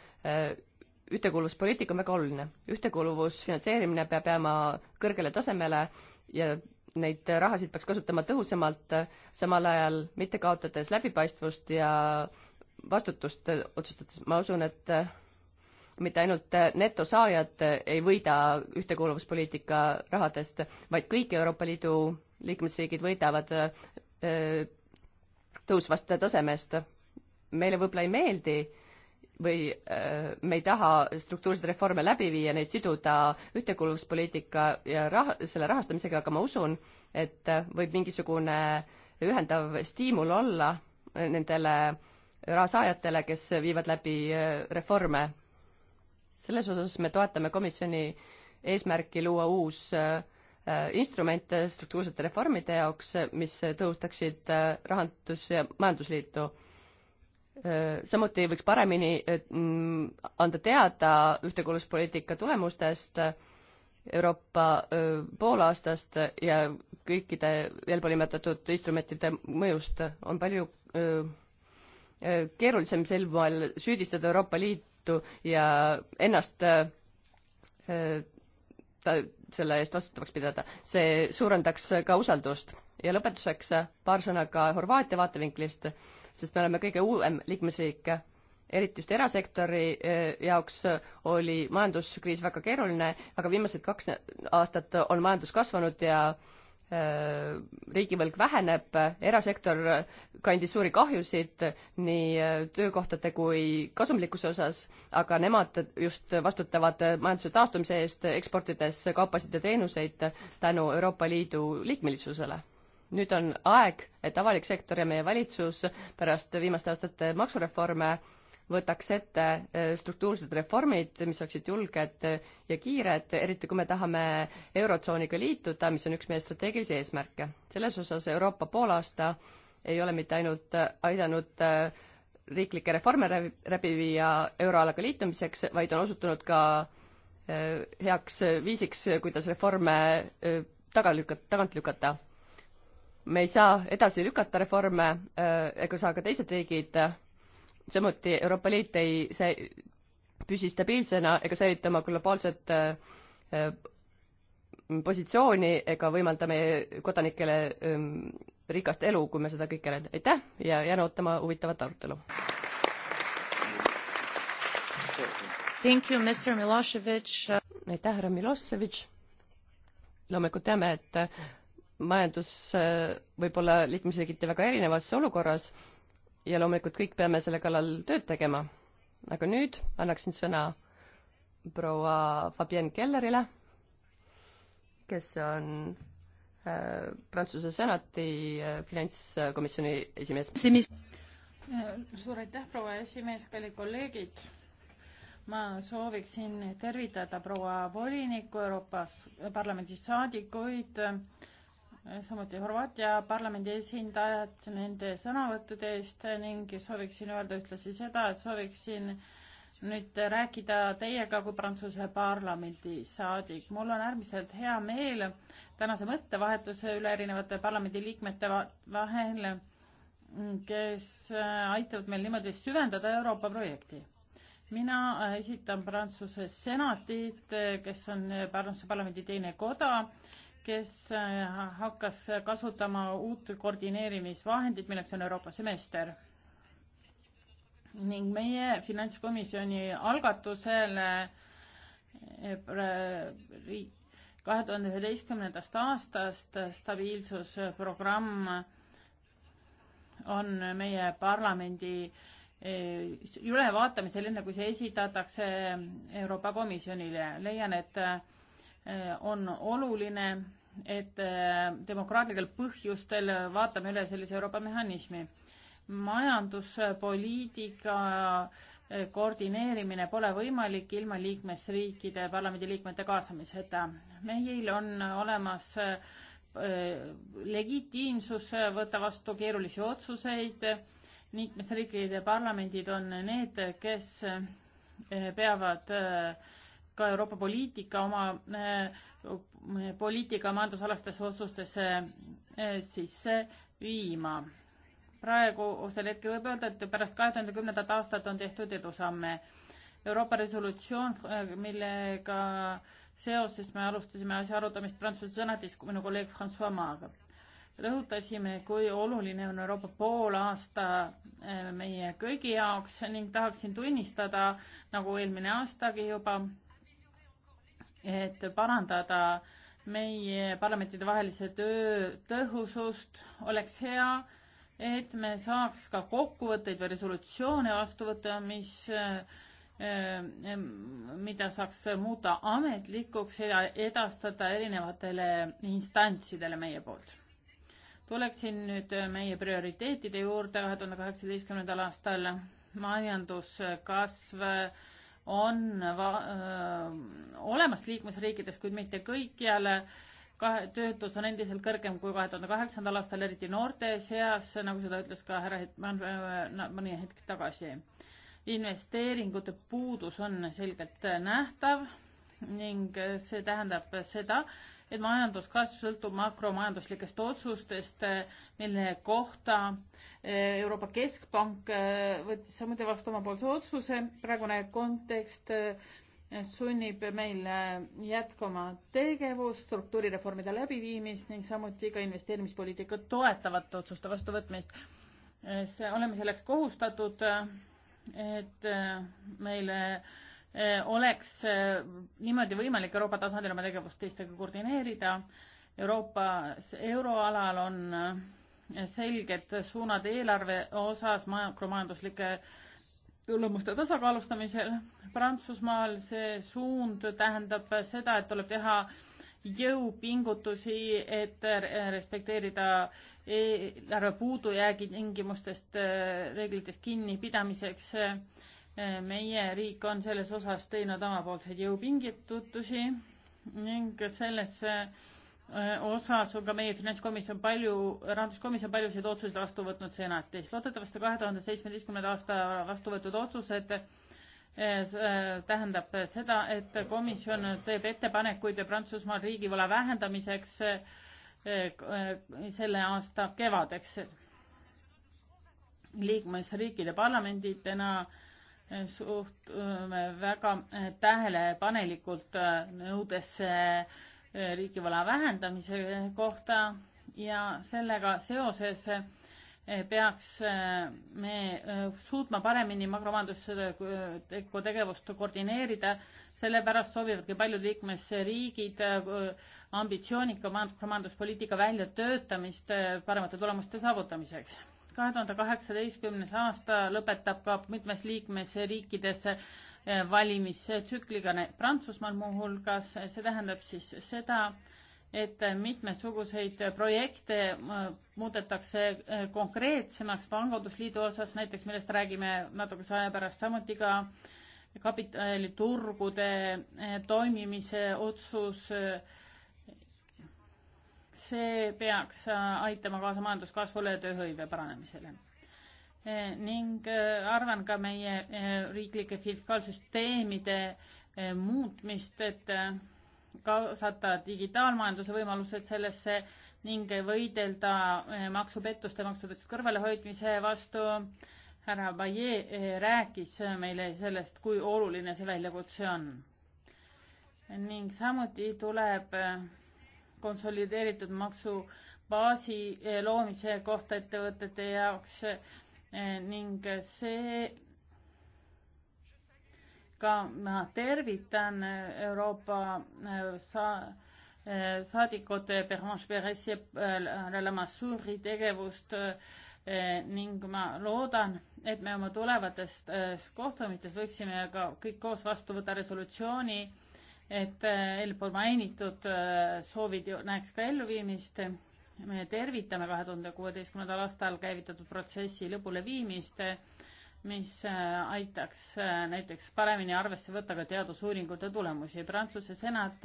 ühtekuuluvuspoliitika on väga oluline. ühtekuuluvusfinantseerimine peab jääma kõrgele tasemele ja neid rahasid peaks kasutama tõhusamalt, samal ajal mitte kaotades läbipaistvust ja äh, vastutust otsustades, ma usun, et äh, mitte ainult äh, netosaajad äh, ei võida ühtekuuluvuspoliitika rahadest, vaid kõik Euroopa Liidu liikmesriigid võidavad tõusvast tasemest. meile võib-olla ei meeldi või me ei taha struktuurseid reforme läbi viia, neid siduda ühtekuuluvuspoliitika ja rah-, selle rahastamisega, aga ma usun, et võib mingisugune ühendav stiimul olla nendele äh, rahasaajatele, kes viivad läbi äh, reforme. selles osas me toetame komisjoni eesmärki luua uus äh, äh, instrumente struktuursete reformide jaoks, mis tõhustaksid rahandus- ja majandusliitu. samuti võiks paremini mm, anda teada ühtekuuluvuspoliitika tulemustest Euroopa poolaastast ja kõikide eelpool nimetatud instrumentide mõjust on palju öö, keerulisem sel moel süüdistada Euroopa Liitu ja ennast äh, ta selle eest vastutavaks pidada. see suurendaks ka usaldust. ja lõpetuseks paar sõna ka Horvaatia vaatevinklist, sest me oleme kõige uuem liikmesriik, eriti just erasektori äh, jaoks oli majanduskriis väga keeruline, aga viimased kaks aastat on majandus kasvanud ja äh, Äh, riigivõlg väheneb, erasektor kandis suuri kahjusid nii äh, töökohtade kui kasumlikkuse osas, aga nemad just vastutavad majanduse taastumise eest, eksportides kaupasid ja teenuseid tänu Euroopa Liidu liikmelisusele. nüüd on aeg, et avalik sektor ja meie valitsus pärast viimaste aastate maksureforme äh, võtaks ette äh, struktuursed reformid, mis oleksid julged äh, ja kiired, eriti kui me tahame Eurotsooniga liituda, mis on üks meie strateegilisi eesmärke. selles osas Euroopa poolaasta ei ole mitte ainult äh, aidanud riiklikke reforme läbi viia euroalaga liitumiseks, vaid on osutunud ka heaks viisiks, kuidas reforme taga lükata, tagant lükata. me ei saa edasi lükata reforme, ega saa ka teised riigid samuti Euroopa Liit ei see, püsi stabiilsena ega säilita oma globaalset äh, positsiooni ega võimalda meie kodanikele ähm, rikast elu, kui me seda kõike näeme. aitäh ja jään ootama huvitavat arutelu. aitäh, härra Miloševič. loomulikult teame, et majandus äh, võib olla liikmesriigiti väga erinevas olukorras ja loomulikult kõik peame selle kallal tööd tegema. aga nüüd annaksin sõna proua Fabienne Kellerile, kes on äh, Prantsuse senati äh, finantskomisjoni esimees. Äh, suur aitäh, proua esimees, kallid kolleegid. ma sooviksin tervitada proua volinikku Euroopas Parlamendi saadikuid äh, Äh, samuti Horvaatia parlamendi esindajad nende sõnavõttude eest ning sooviksin öelda ühtlasi seda, et sooviksin nüüd rääkida teiega kui Prantsuse parlamendi saadik. mul on äärmiselt hea meel tänase mõttevahetuse üle erinevate parlamendiliikmete vahel, kes äh, aitavad meil niimoodi süvendada Euroopa projekti. mina äh, esitan Prantsuse senatit, kes on Prantsuse parlamendi teine koda kes äh, hakkas kasutama uut koordineerimisvahendit, milleks on Euroopa semester. ning meie finantskomisjoni algatusel äh, kahe tuhande üheteistkümnendast aastast stabiilsusprogramm on meie parlamendi äh, ülevaatamisel, enne kui see esitatakse Euroopa Komisjonile. leian, et Äh, on oluline, et äh, demokraatlikel põhjustel vaatame üle sellise Euroopa mehhanismi. majanduspoliitika äh, koordineerimine pole võimalik ilma liikmesriikide parlamendiliikmete kaasamiseta. meil on olemas legitiimsus võtta vastu keerulisi otsuseid, liikmesriikide parlamendid on need, kes peavad äh, ka Euroopa poliitika oma eh, poliitika majandusalastesse otsustesse eh, eh, sisse viima. praegusel hetkel võib öelda, et pärast kahe tuhande kümnendat aastat on tehtud edusamme. Euroopa resolutsioon, millega seoses me alustasime asja arutamist Prantsuse senatis minu kolleeg Francois Maaga. rõhutasime, kui oluline on Euroopa poolaasta meie kõigi jaoks ning tahaksin tunnistada, nagu eelmine aastagi juba, et parandada meie parlamentidevahelise töö tõhusust, oleks hea, et me saaks ka kokkuvõtteid või resolutsioone vastu võtta, mis, eh, mida saaks muuta ametlikuks ja edastada erinevatele instantsidele meie poolt. tuleksin nüüd meie prioriteetide juurde kahe tuhande kaheksateistkümnendal aastal majanduskasv on va-, öö, olemas liikmesriikides, kuid mitte kõikjal. kahe, töötus on endiselt kõrgem kui kahe tuhande kaheksandal aastal, eriti noorte seas, nagu seda ütles ka härra Hetman mõni hetk tagasi. investeeringute puudus on selgelt äh, nähtav ning äh, see tähendab seda, et majanduskasv sõltub makromajanduslikest otsustest, eh, mille kohta eh, Euroopa Keskpank eh, võttis samuti vastu omapoolse otsuse. praegune kontekst sunnib meil jätkama tegevust, struktuurireformide läbiviimist ning samuti ka investeerimispoliitikat toetavate otsuste vastuvõtmist. see, oleme selleks kohustatud, et meile Äh, oleks äh, niimoodi võimalik Euroopa tasandil oma tegevust teistega koordineerida. Euroopas, euroalal on äh, selged suunad eelarve osas makromajanduslike tulemuste tasakaalustamisel. Prantsusmaal see suund tähendab seda, et tuleb teha jõupingutusi, et respekteerida eelarve puudujäägi tingimustest, reeglitest kinnipidamiseks Äh, meie riik on selles osas teinud omapoolseid jõupingutusi ning selles äh, osas on ka meie finantskomisjon palju, rahanduskomisjon paljusid otsuseid vastu võtnud senatis. loodetavasti kahe tuhande seitsmeteistkümnenda aasta vastu võetud otsused äh, tähendab seda, et komisjon teeb ettepanekuid Prantsusmaal riigivõla vähendamiseks selle aasta kevadeks. liikmesriikide parlamentidena äh, suhtume väga tähelepanelikult äh, nõudesse äh, riigivõla vähendamise kohta ja sellega seoses äh, peaks me suutma paremini makromajanduslikku tegevust koordineerida, sellepärast soovivadki paljud liikmesriigid ambitsioonika makromajanduspoliitika väljatöötamist paremate tulemuste saavutamiseks kahe tuhande kaheksateistkümnes aasta lõpetab ka mitmes liikmesriikides eh, valimistsükliga, Prantsusmaal muuhulgas, see tähendab siis seda, et mitmesuguseid projekte eh, muudetakse eh, konkreetsemaks pangandusliidu osas, näiteks millest räägime natukese aja pärast, samuti ka kapitaliturgude toimimise otsus äh, see peaks äh, aitama kaasa majanduskasvule ja tööhõive paranemisele eh, ning äh, arvan ka meie äh, riiklike fiskaalsüsteemide muutmist, et kaasata digitaalmajanduse võimalused sellesse ning võidelda maksupettuste, maksudest kõrvalehoidmise vastu. härra Baie rääkis meile sellest, kui oluline see väljakutse on. ning samuti tuleb konsolideeritud maksubaasi eh, loomise kohta ettevõtete jaoks eh, ning see ka ma tervitan eh, Euroopa sa-, saadikute tegevust ning ma loodan, et me oma tulevates kohtumites võiksime ka kõik koos vastu võtta resolutsiooni, et äh, eelpool mainitud äh, soovid näeks ka elluviimist. me tervitame kahe tuhande kuueteistkümnendal aastal käivitatud protsessi lõpuleviimist, mis äh, aitaks näiteks paremini arvesse võtta ka teadusuuringute tulemusi. Prantsuse senat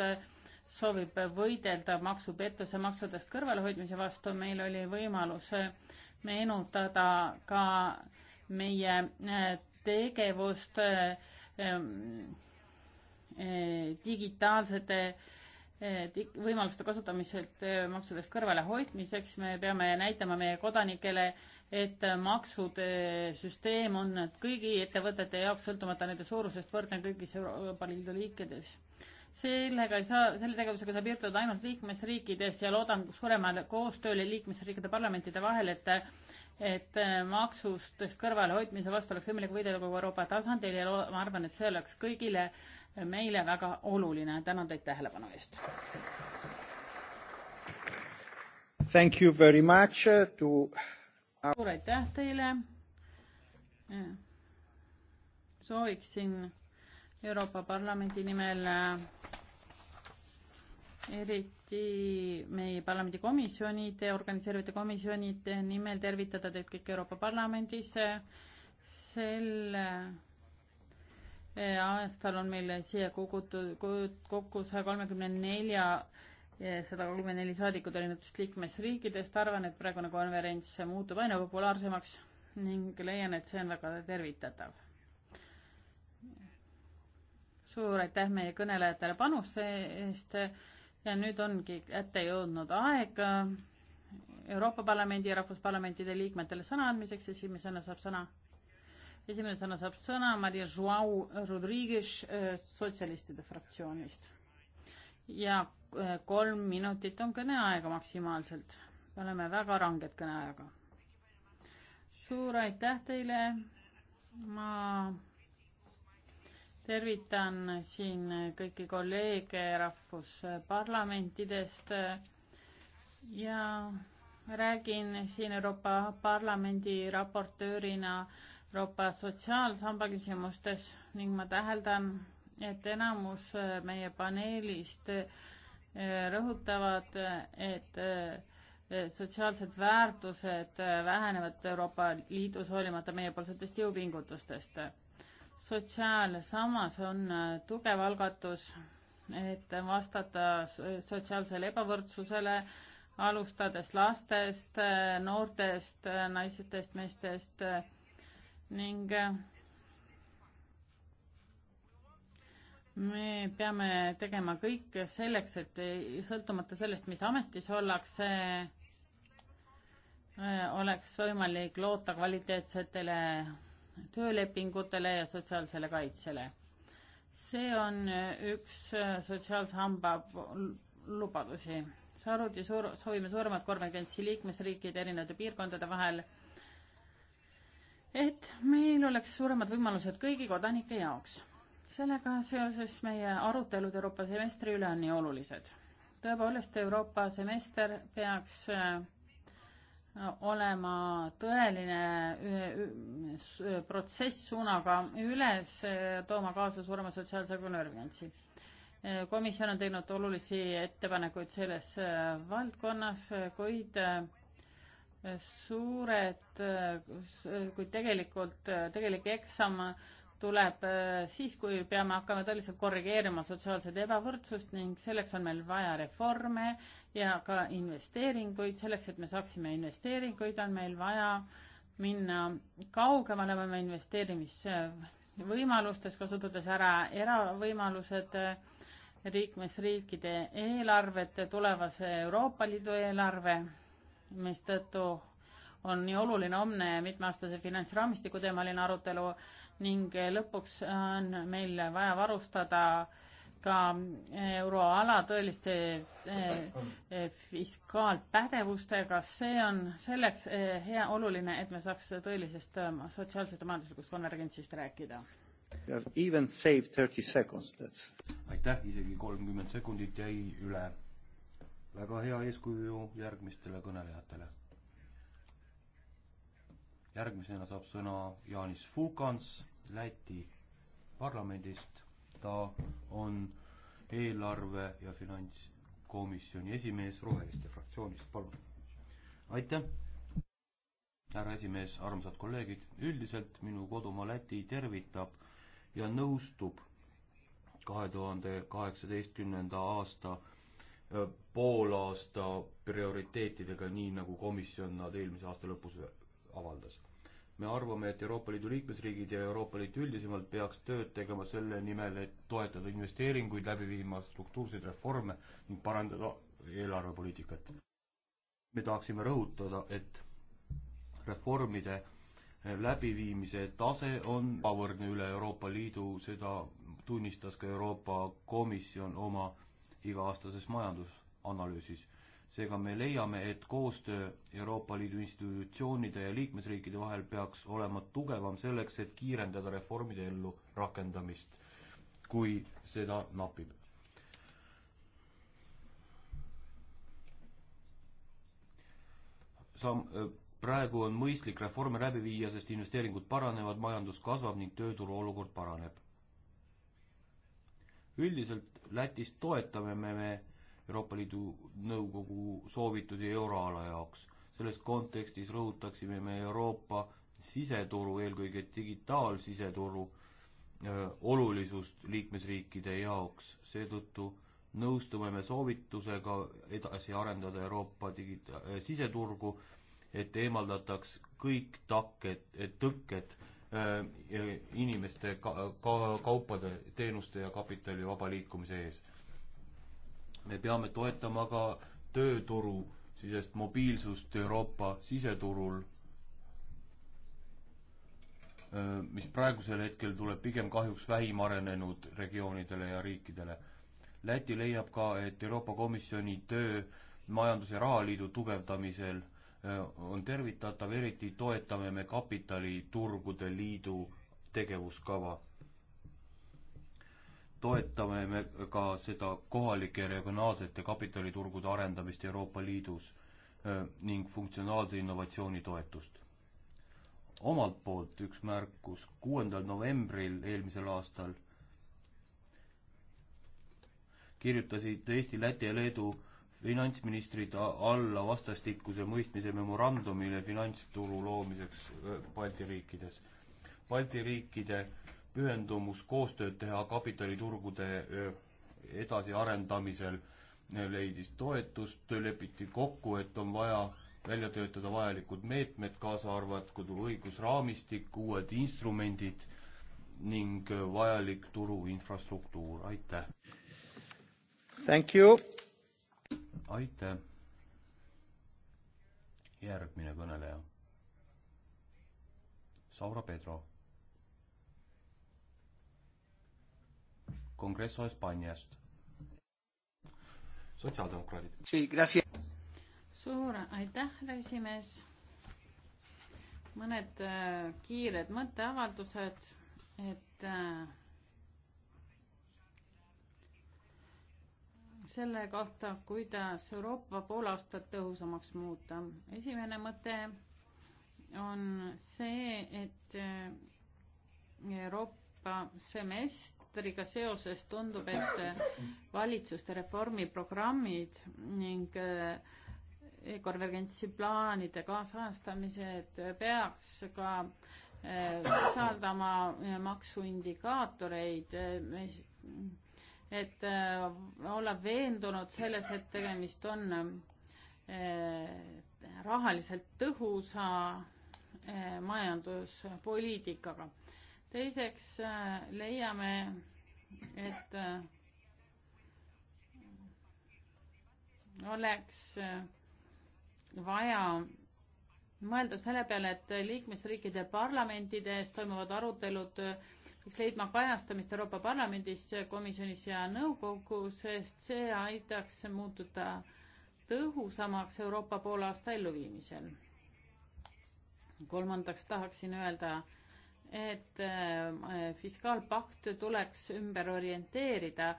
soovib võidelda maksupettuse maksudest kõrvalehoidmise vastu. meil oli võimalus meenutada ka meie tegevust Eh, digitaalsete eh, võimaluste kasutamiselt eh, maksudest kõrvalehoidmiseks, me peame näitama meie kodanikele, et maksude süsteem on kõigi ettevõtete jaoks, sõltumata nende suurusest, võrdne kõigis Euroopa Liidu liikides. sellega ei saa, selle tegevusega saab piirduda ainult liikmesriikides ja loodan suuremale koostööle liikmesriikide parlamentide vahel, et et maksustest kõrvalehoidmise vastu oleks võimalik võidelda kogu Euroopa tasandil ja ma arvan, et see oleks kõigile äh, meile väga oluline. tänan teid tähelepanu eest. Thank you very much uh, to. suur aitäh teile. sooviksin Euroopa Parlamendi nimel äh, eriti meie parlamendikomisjonide, organiseerivate komisjonide nimel tervitada teid kõik Euroopa Parlamendis. Äh, selle aastal on meil siia kogutud kokku saja kolmekümne nelja, sada kolmkümmend neli saadikut erinevatest liikmesriikidest, arvan, et praegune konverents muutub aina populaarsemaks ning leian, et see on väga tervitatav. suur aitäh meie kõnelejatele panuse eest ja nüüd ongi kätte jõudnud aeg Euroopa Parlamendi ja Rahvusparlamentide liikmetele sõna andmiseks, esimesena saab sõna esimene sõna saab sõna Maria Joao Rodriguez äh, sotsialistide fraktsioonist. ja äh, kolm minutit on kõneaega maksimaalselt. me oleme väga ranged kõneajaga. suur aitäh teile. ma tervitan siin kõiki kolleege rahvusparlamentidest äh, ja räägin siin Euroopa Parlamendi raportöörina äh, Euroopa sotsiaalsamba küsimustes ning ma täheldan, et enamus äh, meie paneelist äh, rõhutavad, et äh, sotsiaalsed väärtused vähenevad Euroopa Liidus hoolimata meiepoolsetest jõupingutustest. sotsiaalsammas on tugev algatus, et vastata sotsiaalsele ebavõrdsusele, alustades lastest, noortest, naistest, meestest ning äh, me peame tegema kõik selleks, et äh, sõltumata sellest, mis ametis ollakse, äh, oleks võimalik loota kvaliteetsetele töölepingutele ja sotsiaalsele kaitsele. see on üks sotsiaalse hamba lubadusi. samuti suur, soovime suuremat konvergentsi liikmesriikide erinevate piirkondade vahel et meil oleks suuremad võimalused kõigi kodanike jaoks. sellega seoses meie arutelud Euroopa semestri üle on nii olulised. tõepoolest, Euroopa semester peaks äh, olema tõeline äh, äh, protsess suunaga üles, tooma kaasa suurema sotsiaalse konvergentsi. komisjon on teinud olulisi ettepanekuid selles valdkonnas, kuid suured, kuid tegelikult, tegelik eksam tuleb eh, siis, kui peame hakkama tõeliselt korrigeerima sotsiaalset ebavõrdsust ning selleks on meil vaja reforme ja ka investeeringuid, selleks, et me saaksime investeeringuid, on meil vaja minna kaugemale oma investeerimisvõimalustes, kasutades ära eravõimalused, eh, liikmesriikide eelarvete, tulevase Euroopa Liidu eelarve mistõttu on nii oluline homne mitmeaastase finantsraamistiku teemaline arutelu ning lõpuks on meil vaja varustada ka euroala tõeliste eh, fiskaalpädevustega, see on selleks eh, hea, oluline, et me saaks tõelisest eh, sotsiaalsest ja majanduslikust konvergentsist rääkida. You have even saved thirty seconds, that's. aitäh, isegi kolmkümmend sekundit jäi üle väga hea eeskuju järgmistele kõnelejatele. järgmisena saab sõna Jaanis Fukans Läti parlamendist. ta on eelarve ja finantskomisjoni esimees Roheliste fraktsioonist, palun. aitäh, härra esimees, armsad kolleegid, üldiselt minu kodumaa Läti tervitab ja nõustub kahe tuhande kaheksateistkümnenda aasta poolaasta prioriteetidega, nii nagu komisjon nad eelmise aasta lõpus avaldas. me arvame, et Euroopa Liidu liikmesriigid ja Euroopa Liit üldisemalt peaks tööd tegema selle nimel, et toetada investeeringuid, läbi viima struktuurseid reforme ning parandada eelarvepoliitikat. me tahaksime rõhutada, et reformide läbiviimise tase on ebavõrdne üle Euroopa Liidu, seda tunnistas ka Euroopa Komisjon oma iga-aastases majandusanalüüsis. seega me leiame, et koostöö Euroopa Liidu institutsioonide ja liikmesriikide vahel peaks olema tugevam selleks, et kiirendada reformide ellu rakendamist, kui seda napib. samm, äh, praegu on mõistlik reforme läbi viia, sest investeeringud paranevad, majandus kasvab ning tööturu olukord paraneb üldiselt Lätis toetame me, me Euroopa Liidu Nõukogu soovitusi euroala jaoks. selles kontekstis rõhutaksime me Euroopa siseturu, eelkõige digitaalsiseturu öö, olulisust liikmesriikide jaoks, seetõttu nõustume me soovitusega edasi arendada Euroopa digita-, siseturgu, et eemaldataks kõik takked, tõkked Äh, e, inimeste ka-, ka-, kaupade, teenuste ja kapitali vaba liikumise ees. me peame toetama ka tööturu sisest mobiilsust Euroopa siseturul, äh, mis praegusel hetkel tuleb pigem kahjuks vähim arenenud regioonidele ja riikidele. Läti leiab ka, et Euroopa Komisjoni töö majandus- ja rahaliidu tugevdamisel äh, Äh, on tervitatav, eriti toetame me kapitaliturgude liidu tegevuskava. toetame me ka seda kohalike regionaalsete kapitaliturgude arendamist Euroopa Liidus äh, ning funktsionaalse innovatsiooni toetust. omalt poolt üks märkus, kuuendal novembril eelmisel aastal kirjutasid Eesti, Läti ja Leedu finantsministrid alla vastastikuse mõistmise memorandumile finantsturu loomiseks äh, Balti riikides. Balti riikide pühendumus koostööd teha kapitaliturgude äh, edasiarendamisel äh, leidis toetust, lepiti kokku, et on vaja välja töötada vajalikud meetmed, kaasa arvatud õigusraamistik, uued instrumendid ning vajalik turu infrastruktuur, aitäh! Thank you! aitäh. järgmine kõneleja. Saura Pedro. Congreso Hispaaniast. sotsiaaldemokraadid. suur aitäh, härra esimees. mõned äh, kiired mõtteavaldused, et äh, selle kohta, kuidas Euroopa pool aastat tõhusamaks muuta. esimene mõte on see, et eh, Euroopa semestriga seoses tundub, et eh, valitsuste reformiprogrammid ning eh, konvergentsi plaanide kaasajastamised peaks ka sisaldama maksuindikaatoreid, mis et äh, olla veendunud selles, et tegemist on äh, rahaliselt tõhusa äh, majanduspoliitikaga. teiseks leiame, et oleks vaja mõelda selle peale, et liikmesriikide parlamentides toimuvad arutelud peaks leidma kajastamist Euroopa Parlamendis, komisjonis ja nõukogus, sest see aitaks muutuda tõhusamaks Euroopa poolaasta elluviimisel. kolmandaks tahaksin öelda, et äh, fiskaalpakt tuleks ümber orienteerida,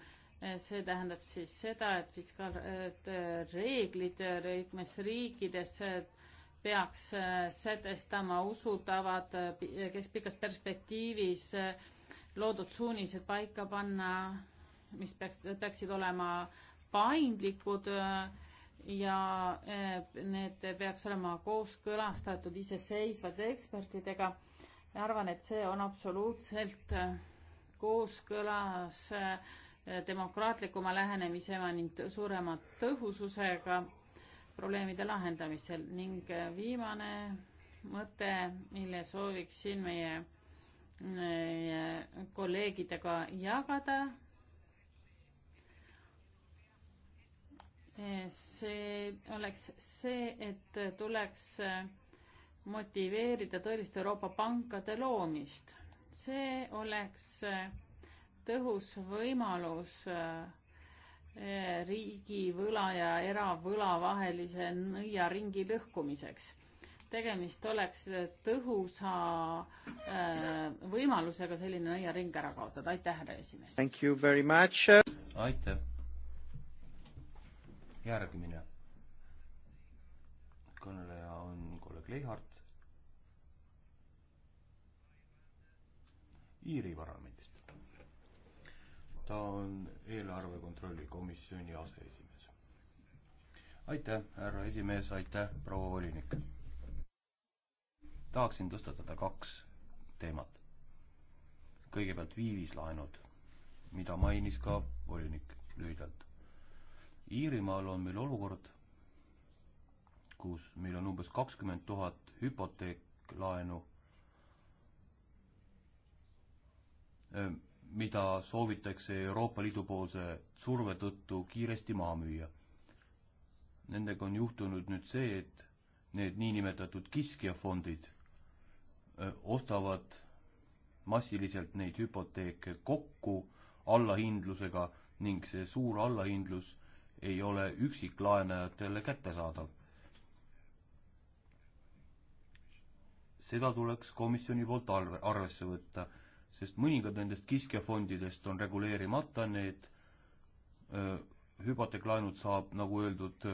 see tähendab siis seda, et fiskaalreeglid äh, liikmesriikides äh, peaks sätestama usutavad, kes pikas perspektiivis äh, loodud suunised paika panna, mis peaks, peaksid olema paindlikud äh, ja äh, need peaks olema kooskõlastatud iseseisvate ekspertidega. arvan, et see on absoluutselt äh, kooskõlas demokraatlikuma lähenemisega ning suurema tõhususega probleemide lahendamisel ning viimane mõte, mille sooviksin meie kolleegidega jagada. see oleks see, et tuleks motiveerida tõelist Euroopa pankade loomist. see oleks tõhus võimalus eh, riigi võla ja eravõla vahelise nõiaringi lõhkumiseks tegemist oleks tõhusa äh, võimalusega selline nõiaring ära kaotada. aitäh, härra esimees! Thank you very much! aitäh! järgmine kõneleja on kolleeg Leihart Iiri parlamendist. ta on eelarve kontrolli komisjoni aseesimees. aitäh, härra esimees, aitäh, proua volinik tahaksin tõstatada kaks teemat. kõigepealt viivislaenud, mida mainis ka volinik lühidalt. Iirimaal on meil olukord, kus meil on umbes kakskümmend tuhat hüpoteeklaenu, mida soovitakse Euroopa Liidu poolse surve tõttu kiiresti maha müüa. Nendega on juhtunud nüüd see, et need niinimetatud kiskjafondid ostavad massiliselt neid hüpoteeke kokku allahindlusega ning see suur allahindlus ei ole üksiklaenajatele kättesaadav. seda tuleks komisjoni poolt arve, arvesse võtta, sest mõningad nendest kiskjafondidest on reguleerimata, need öö, hüpoteeklaenud saab, nagu öeldud,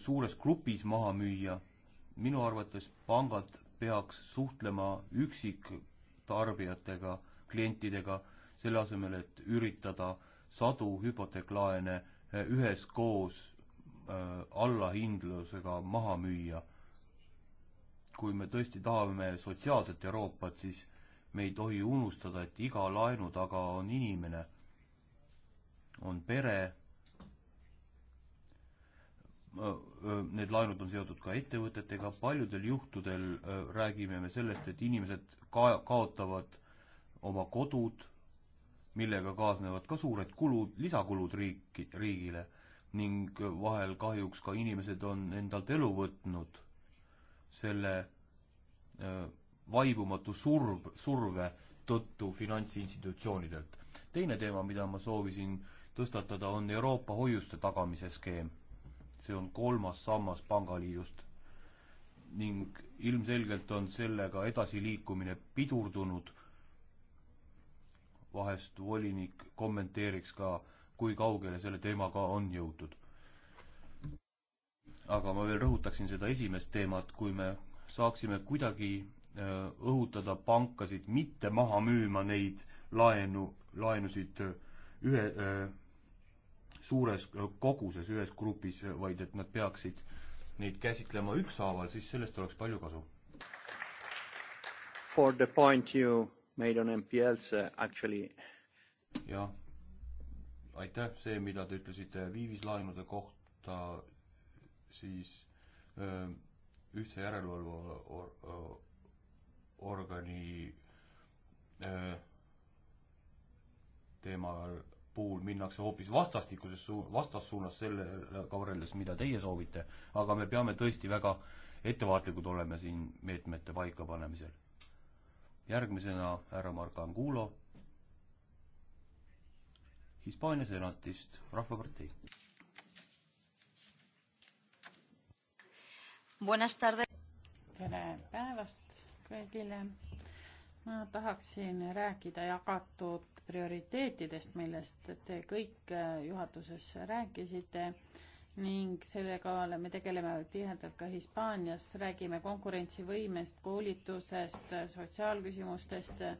suures grupis maha müüa. minu arvates pangad peaks suhtlema üksiktarbijatega, klientidega, selle asemel, et üritada sadu hüpoteeklaene eh, üheskoos eh, allahindlusega maha müüa. kui me tõesti tahame sotsiaalset Euroopat, siis me ei tohi unustada, et iga laenu taga on inimene, on pere Äh, äh, need laenud on seotud ka ettevõtetega, paljudel juhtudel äh, räägime me sellest, et inimesed ka-, kaotavad oma kodud, millega kaasnevad ka suured kulud, lisakulud riiki, riigile ning vahel kahjuks ka inimesed on endalt elu võtnud selle vaibumatu surv, surve tõttu finantsinstitutsioonidelt. teine teema, mida ma soovisin tõstatada, on Euroopa hoiuste tagamise skeem see on kolmas sammas pangaliidust. ning ilmselgelt on sellega edasiliikumine pidurdunud. vahest volinik kommenteeriks ka, kui kaugele selle teemaga on jõutud. aga ma veel rõhutaksin seda esimest teemat, kui me saaksime kuidagi äh, õhutada pankasid mitte maha müüma neid laenu, laenusid äh, ühe öö, äh, suures koguses ühes grupis, vaid et nad peaksid neid käsitlema ükshaaval, siis sellest oleks palju kasu. For the point you made on MPLs actually. jah, aitäh, see, mida te ütlesite viivislaenude kohta, siis öö, ühtse järelevalve or, or, organi öö, teemal puhul minnakse hoopis vastastikuses suu-, vastassuunas sellega võrreldes, mida teie soovite, aga me peame tõesti väga ettevaatlikud olema siin meetmete paikapanemisel. järgmisena härra Marko Angulo Hispaania senatist, Rahvapartei. tere päevast kõigile. ma tahaksin rääkida jagatud prioriteetidest, millest te kõik äh, juhatuses rääkisite ning sellega me tegeleme tihedalt ka Hispaanias, räägime konkurentsivõimest, koolitusest, sotsiaalküsimustest äh,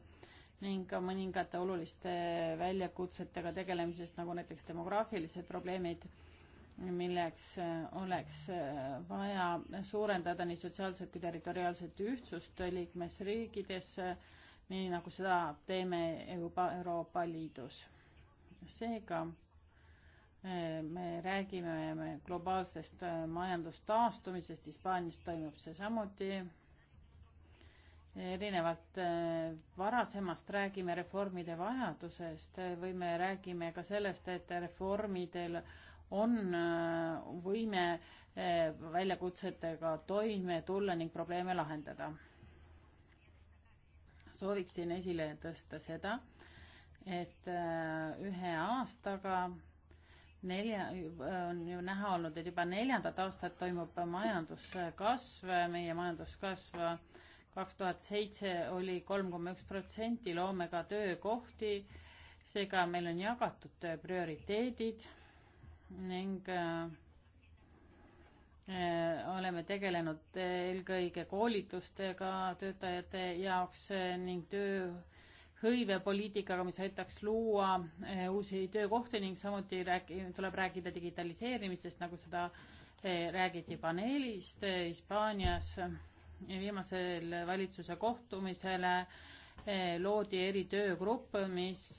ning ka mõningate oluliste väljakutsetega tegelemisest, nagu näiteks demograafilised probleemid, milleks äh, oleks vaja suurendada nii sotsiaalset kui territoriaalset ühtsust liikmesriikides nii nagu seda teeme juba Euroopa Liidus. seega eh, me räägime me globaalsest eh, majandustaastumisest, Hispaanias toimub see samuti. erinevalt eh, varasemast räägime reformide vajadusest või me räägime ka sellest, et reformidel on võime väljakutsetega toime tulla ning probleeme lahendada sooviksin esile tõsta seda, et äh, ühe aastaga nelja, on ju näha olnud, et juba neljandat aastat toimub majanduskasv, meie majanduskasv kaks tuhat seitse oli kolm koma üks protsenti loomega töökohti, seega meil on jagatud prioriteedid ning äh, Äh, oleme tegelenud äh, eelkõige koolitustega töötajate jaoks äh, ning tööhõivepoliitikaga, mis aitaks luua uusi töökohti ning samuti räägi-, tuleb rääkida digitaliseerimisest, nagu seda räägiti paneelist Hispaanias viimasel valitsuse kohtumisel loodi eritöögrupp, mis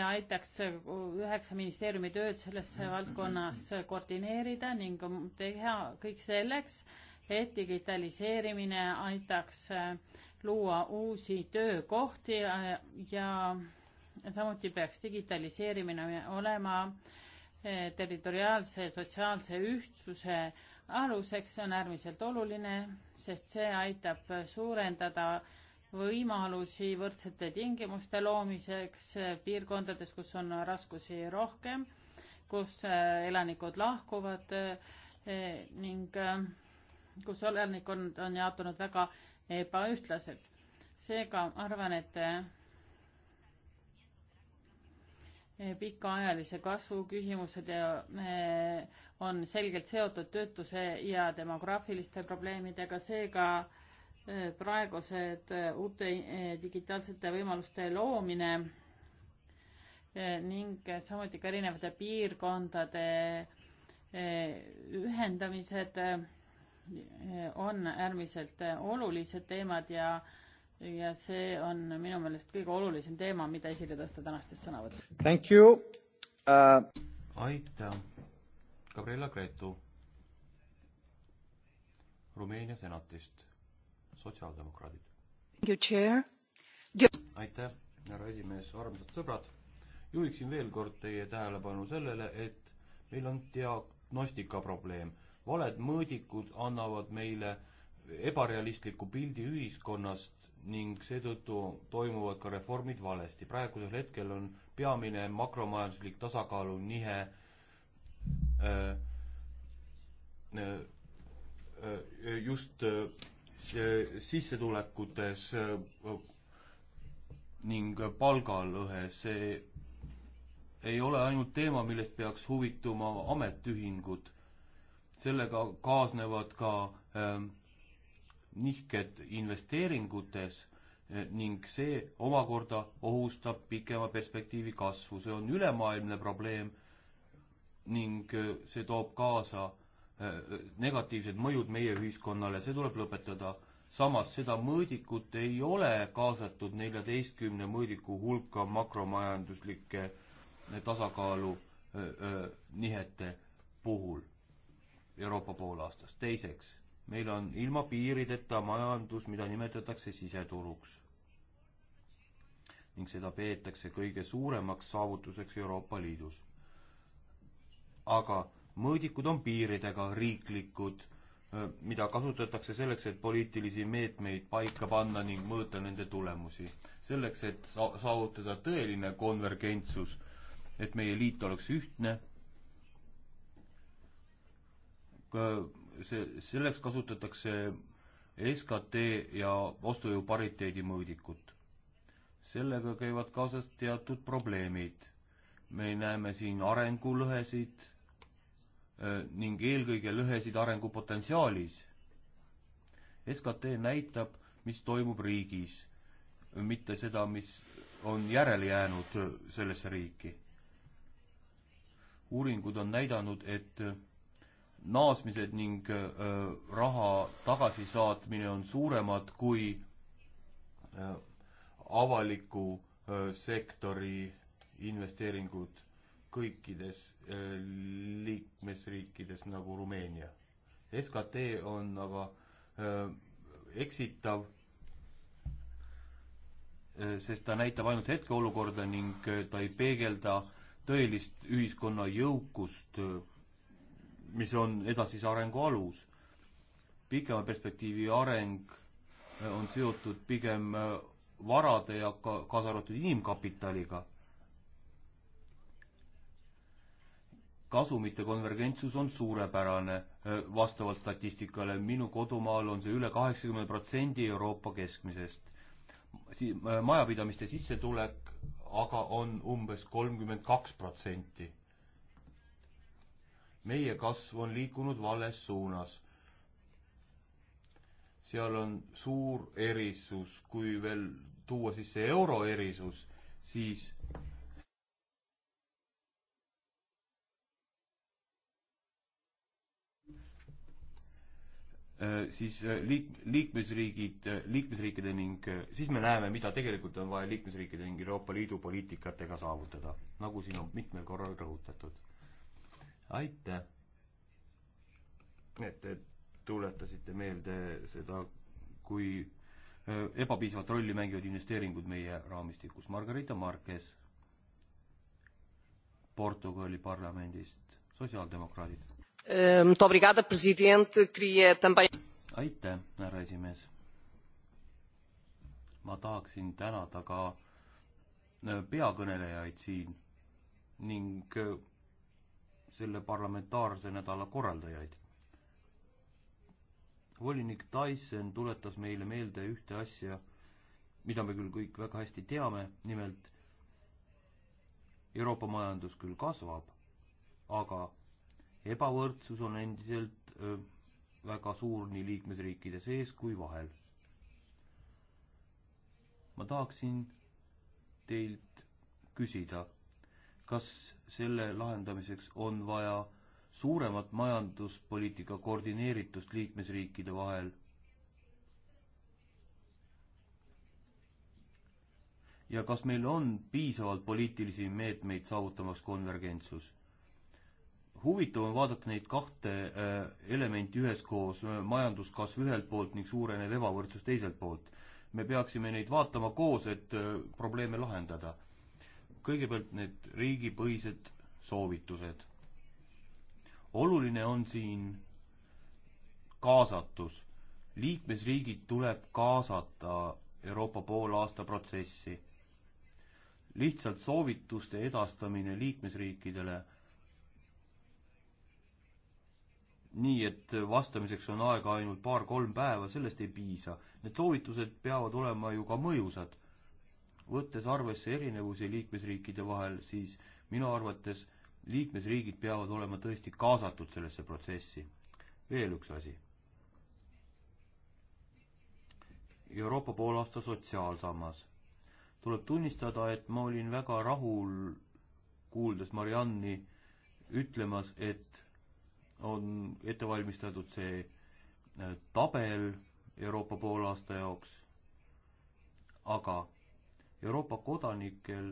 aitaks üheksa ministeeriumi tööd selles valdkonnas koordineerida ning teha kõik selleks, et digitaliseerimine aitaks luua uusi töökohti ja samuti peaks digitaliseerimine olema eh, territoriaalse sotsiaalse ühtsuse aluseks, see on äärmiselt oluline, sest see aitab suurendada võimalusi võrdsete tingimuste loomiseks piirkondades, kus on raskusi rohkem, kus äh, elanikud lahkuvad äh, ning äh, kus elanikkond on jaotunud väga ebaühtlaselt. seega arvan, et pikaajalise kasvu küsimused on selgelt seotud töötuse ja demograafiliste probleemidega, seega Äh, praegused äh, uute äh, digitaalsete võimaluste loomine ning samuti ka erinevate piirkondade ühendamised on äärmiselt olulised teemad ja ja see on minu meelest kõige olulisem teema, mida esile tõsta tänastes sõnavõttudes. Thank you uh.... aitäh. Gabriela Gretu Rumeenia senatist sotsiaaldemokraadid. aitäh, härra esimees, armsad sõbrad. juhiksin veel kord teie tähelepanu sellele, et meil on diagnostika probleem. valed mõõdikud annavad meile ebarealistliku pildi ühiskonnast ning seetõttu toimuvad ka reformid valesti. praegusel hetkel on peamine makromajanduslik tasakaalu nihe öö, äh, öö, äh, äh, just sissetulekutes eh, ning palgalõhe, see ei ole ainult teema, millest peaks huvituma ametiühingud. sellega kaasnevad ka äh, nihked investeeringutes eh, ning see omakorda ohustab pikema perspektiivi kasvu, see on ülemaailmne probleem ning see toob kaasa Äh, negatiivsed mõjud meie ühiskonnale, see tuleb lõpetada. samas seda mõõdikut ei ole kaasatud neljateistkümne mõõdiku hulka makromajanduslike äh, tasakaalu äh, nihete puhul Euroopa poolaastas. teiseks, meil on ilma piirideta majandus, mida nimetatakse siseturuks. ning seda peetakse kõige suuremaks saavutuseks Euroopa Liidus. aga mõõdikud on piiridega riiklikud, mida kasutatakse selleks, et poliitilisi meetmeid paika panna ning mõõta nende tulemusi. selleks, et sa-, saavutada tõeline konvergentsus, et meie liit oleks ühtne, see, selleks kasutatakse SKT ja ostujõu pariteedi mõõdikut. sellega käivad kaasas teatud probleemid. me näeme siin arengulõhesid Äh, ning eelkõige lõhesid arengupotentsiaalis. SKT näitab, mis toimub riigis, mitte seda, mis on järele jäänud äh, sellesse riiki. uuringud on näidanud, et äh, naasmised ning raha tagasisaatmine on suuremad kui avaliku sektori investeeringud kõikides äh, liikmesriikides nagu Rumeenia. SKT on aga äh, eksitav, äh, sest ta näitab ainult hetkeolukorda ning ta ei peegelda tõelist ühiskonna jõukust, mis on edasise arengu alus. pikema perspektiivi areng on seotud pigem varade ja ka kaasa arvatud inimkapitaliga kasumite konvergentsus on suurepärane vastavalt statistikale, minu kodumaal on see üle kaheksakümne protsendi Euroopa keskmisest. siin majapidamiste sissetulek aga on umbes kolmkümmend kaks protsenti. meie kasv on liikunud vales suunas. seal on suur erisus, kui veel tuua sisse euro erisus, siis Äh, siis äh, liik-, liikmesriigid, äh, liikmesriikide ning siis me näeme, mida tegelikult on vaja liikmesriikide ning Euroopa Liidu poliitikatega saavutada, nagu siin on mitmel korral rõhutatud. aitäh, et te tuletasite meelde seda, kui ebapiisavat rolli mängivad investeeringud meie raamistikus. Margarita Marques Portugali parlamendist, sotsiaaldemokraadid Ehm, aitäh, härra esimees. ma tahaksin tänada ka äh, peakõnelejaid siin ning äh, selle parlamentaarse nädala korraldajaid. volinik Tyson tuletas meile meelde ühte asja, mida me küll kõik väga hästi teame, nimelt Euroopa majandus küll kasvab, aga ebavõrdsus on endiselt öö, väga suur nii liikmesriikide sees kui vahel. ma tahaksin teilt küsida, kas selle lahendamiseks on vaja suuremat majanduspoliitika koordineeritust liikmesriikide vahel ja kas meil on piisavalt poliitilisi meetmeid saavutamaks konvergentsus? huvitav on vaadata neid kahte äh, elementi üheskoos, äh, majanduskasv ühelt poolt ning suurenev ebavõrdsus teiselt poolt. me peaksime neid vaatama koos, et äh, probleeme lahendada. kõigepealt need riigipõhised soovitused. oluline on siin kaasatus. liikmesriigid tuleb kaasata Euroopa poolaasta protsessi. lihtsalt soovituste edastamine liikmesriikidele nii, et vastamiseks on aega ainult paar-kolm päeva, sellest ei piisa. Need soovitused peavad olema ju ka mõjusad. võttes arvesse erinevusi liikmesriikide vahel, siis minu arvates liikmesriigid peavad olema tõesti kaasatud sellesse protsessi. veel üks asi. Euroopa poolaasta sotsiaalsammas. tuleb tunnistada, et ma olin väga rahul, kuuldes Marianni ütlemas, et on ette valmistatud see äh, tabel Euroopa poolaasta jaoks, aga Euroopa kodanikel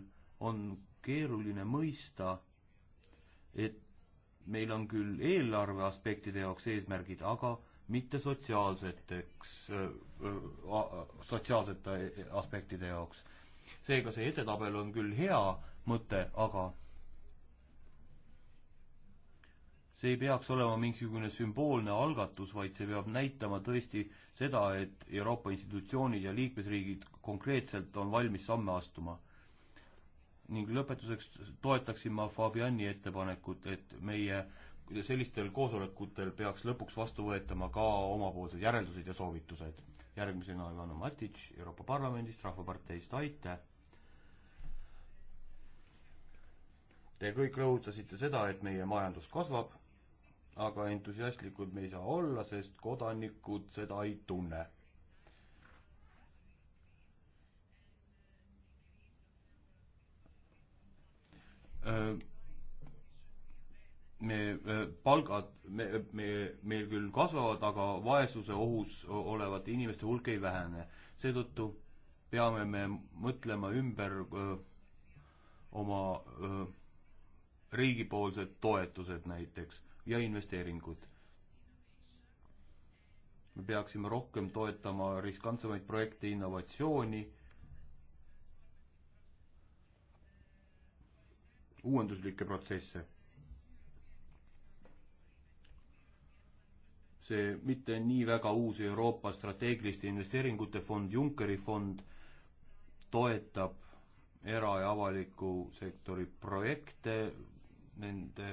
on keeruline mõista, et meil on küll eelarve aspektide jaoks eesmärgid, aga mitte sotsiaalseteks, äh, äh, sotsiaalsete aspektide jaoks. seega see edetabel on küll hea mõte, aga see ei peaks olema mingisugune sümboolne algatus, vaid see peab näitama tõesti seda, et Euroopa institutsioonid ja liikmesriigid konkreetselt on valmis samme astuma. ning lõpetuseks toetaksin ma Fabiani ettepanekut, et meie sellistel koosolekutel peaks lõpuks vastu võetama ka omapoolsed järeldused ja soovitused. järgmisena Ivana Matitš Euroopa Parlamendist, Rahvaparteist, aitäh! Te kõik rõhutasite seda, et meie majandus kasvab aga entusiastlikud me ei saa olla, sest kodanikud seda ei tunne. me, palgad, me, me, meil küll kasvavad, aga vaesuse ohus olevate inimeste hulk ei vähene. seetõttu peame me mõtlema ümber öö, oma öö, riigipoolsed toetused näiteks ja investeeringud. me peaksime rohkem toetama riskantsemaid projekte, innovatsiooni, uuenduslikke protsesse. see mitte nii väga uus Euroopa strateegiliste investeeringute fond, Junckeri fond, toetab era- ja avaliku sektori projekte, nende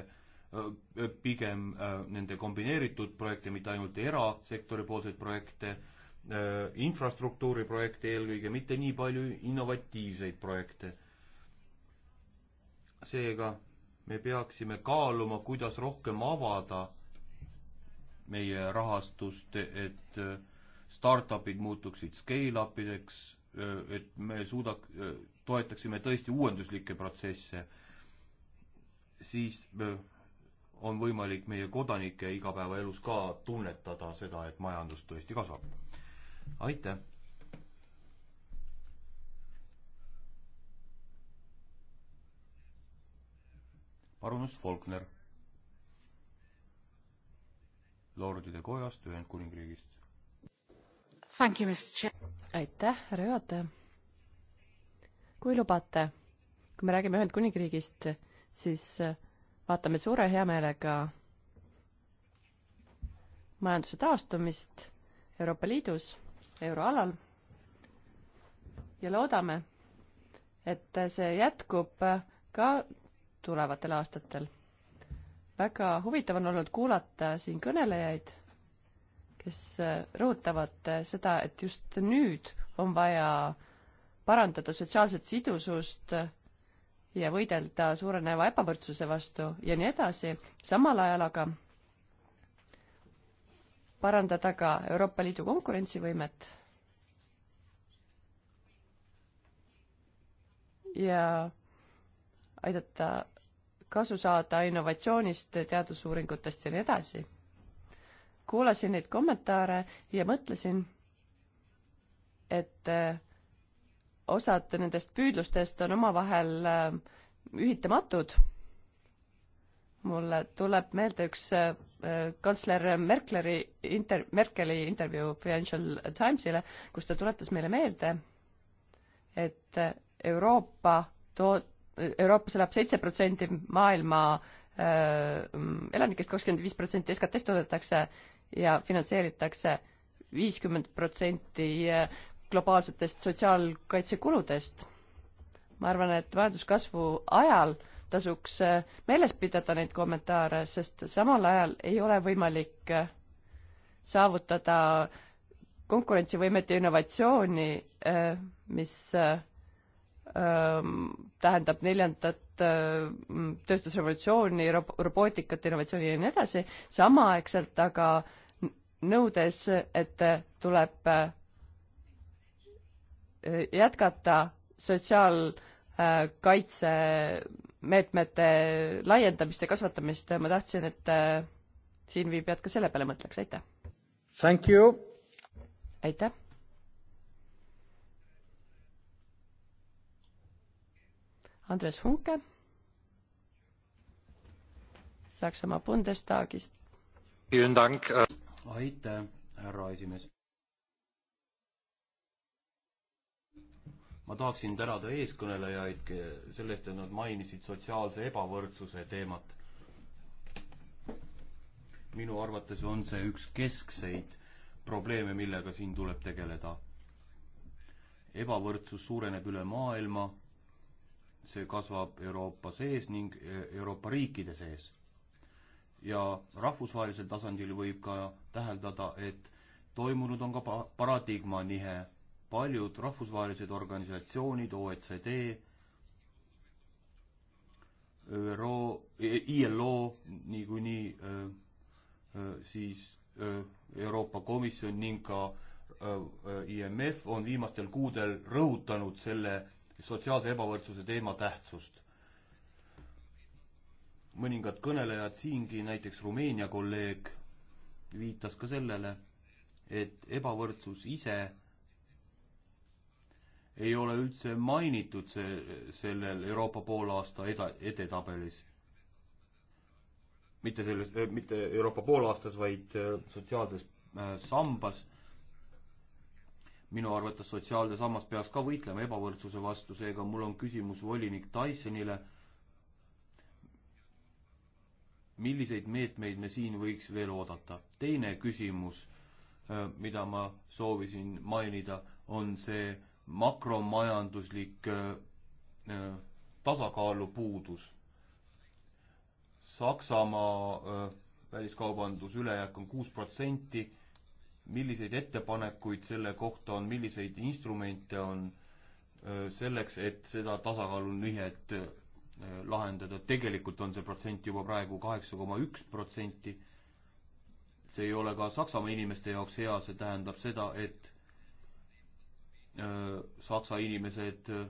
Äh, äh, pigem äh, nende kombineeritud projekte, mitte ainult erasektori poolseid projekte, infrastruktuuriprojekte eelkõige, mitte nii palju innovatiivseid projekte. seega me peaksime kaaluma, kuidas rohkem avada meie rahastust, et startup'id muutuksid scale-up ideks, et me suuda-, toetaksime tõesti uuenduslikke protsesse, siis on võimalik meie kodanike igapäevaelus ka tunnetada seda, et majandus tõesti kasvab. aitäh! parunus Faulkner Lordide Kojast Ühendkuningriigist. aitäh, härra juhataja! kui lubate, kui me räägime Ühendkuningriigist, siis äh, vaatame suure heameelega majanduse taastumist Euroopa Liidus, euroalal ja loodame, et see jätkub ka tulevatel aastatel. väga huvitav on olnud kuulata siin kõnelejaid, kes rõhutavad seda, et just nüüd on vaja parandada sotsiaalset sidusust ja võidelda suureneva ebavõrdsuse vastu ja nii edasi, samal ajal aga parandada ka Euroopa Liidu konkurentsivõimet ja aidata kasu saada innovatsioonist, teadusuuringutest ja nii edasi. kuulasin neid kommentaare ja mõtlesin, et osad nendest püüdlustest on omavahel äh, ühitamatud. mulle tuleb meelde üks äh, kantsler Merkleri inter-, Merkeli intervjuu Financial Timesile, kus ta tuletas meile meelde, et Euroopa too-, Euroopas elab seitse protsenti maailma äh, elanikest, kakskümmend viis protsenti SKT-st toodetakse ja finantseeritakse viiskümmend protsenti globaalsetest sotsiaalkaitsekuludest. ma arvan, et majanduskasvu ajal tasuks äh, meeles pidada neid kommentaare, sest samal ajal ei ole võimalik äh, saavutada konkurentsivõimet ja innovatsiooni, äh, mis ähm, tähendab neljandat tööstusrevolutsiooni, robootikat, innovatsiooni ja nii edasi, samaaegselt aga nõudes, et tuleb jätkata sotsiaalkaitsemeetmete laiendamist ja kasvatamist, ma tahtsin, et äh, siinviibijad ka selle peale mõtleks, aitäh! Thank you! aitäh! Andres Hunke Saksamaa Bundestagist. Äh. aitäh, härra esimees! ma tahaksin tänada eeskõnelejaid selle eest, et nad mainisid sotsiaalse ebavõrdsuse teemat. minu arvates on see üks keskseid probleeme, millega siin tuleb tegeleda. ebavõrdsus suureneb üle maailma, see kasvab Euroopa sees ning e, Euroopa riikide sees. ja rahvusvahelisel tasandil võib ka täheldada, et toimunud on ka paradigma nihe paljud rahvusvahelised organisatsioonid, OECD, ÜRO, ILO niikuinii, äh, äh, siis äh, Euroopa Komisjon ning ka IMF on viimastel kuudel rõhutanud selle sotsiaalse ebavõrdsuse teema tähtsust. mõningad kõnelejad siingi, näiteks Rumeenia kolleeg, viitas ka sellele, et ebavõrdsus ise ei ole üldse mainitud see, sellel Euroopa poolaasta eda-, edetabelis. mitte selles, eh, mitte Euroopa poolaastas, vaid eh, sotsiaalses eh, sambas. minu arvates sotsiaalne sammas peaks ka võitlema ebavõrdsuse vastu, seega mul on küsimus volinik Tysonile. milliseid meetmeid me siin võiks veel oodata? teine küsimus, mida ma soovisin mainida, on see makromajanduslik äh, äh, tasakaalu puudus. Saksamaa äh, väliskaubandus ülejääk on kuus protsenti. milliseid ettepanekuid selle kohta on, milliseid instrumente on selleks, et seda tasakaalunihet lahendada, tegelikult on see protsent juba praegu kaheksa koma üks protsenti. see ei ole ka Saksamaa inimeste jaoks hea, see tähendab seda, et Äh, Saksa inimesed, äh,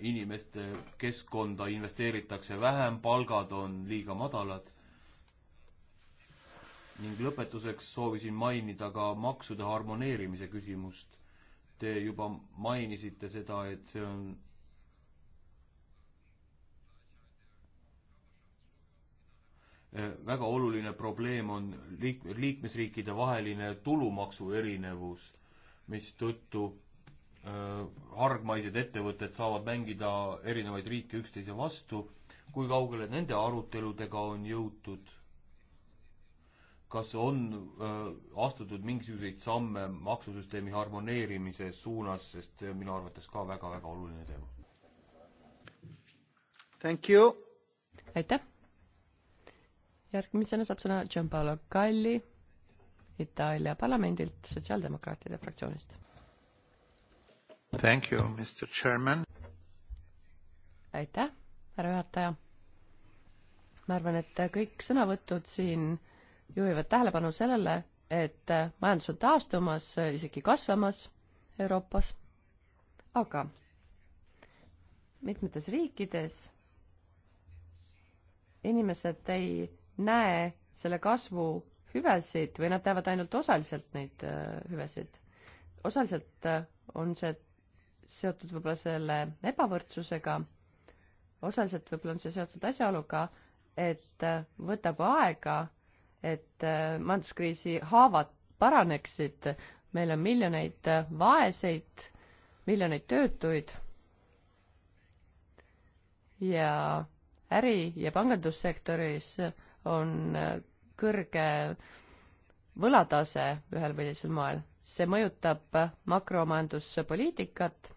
inimeste keskkonda investeeritakse vähem, palgad on liiga madalad. ning lõpetuseks soovisin mainida ka maksude harmoneerimise küsimust. Te juba mainisite seda, et see on äh, väga oluline probleem on liik-, liikmesriikide vaheline tulumaksu erinevus mistõttu äh, hargmaised ettevõtted saavad mängida erinevaid riike üksteise vastu, kui kaugele nende aruteludega on jõutud? kas on äh, astutud mingisuguseid samme maksusüsteemi harmoneerimise suunas, sest see on minu arvates ka väga-väga oluline teema? Thank you! aitäh! järgmisena saab sõna Gianpaolo Kalli Itaalia parlamendilt sotsiaaldemokraatide fraktsioonist. Thank you, Mr Chairman. aitäh, härra juhataja. ma arvan, et kõik sõnavõtud siin juhivad tähelepanu sellele, et majandus on taastumas, isegi kasvamas Euroopas, aga mitmetes riikides inimesed ei näe selle kasvu hüvesid või nad näevad ainult osaliselt neid äh, hüvesid. osaliselt äh, on see seotud võib-olla selle ebavõrdsusega, osaliselt võib-olla on see seotud asjaoluga, et äh, võtab aega, et majanduskriisi haavad paraneksid, meil on miljoneid vaeseid, miljoneid töötuid ja äri- ja pangandussektoris on kõrge võlatase ühel või teisel moel. see mõjutab makromajanduspoliitikat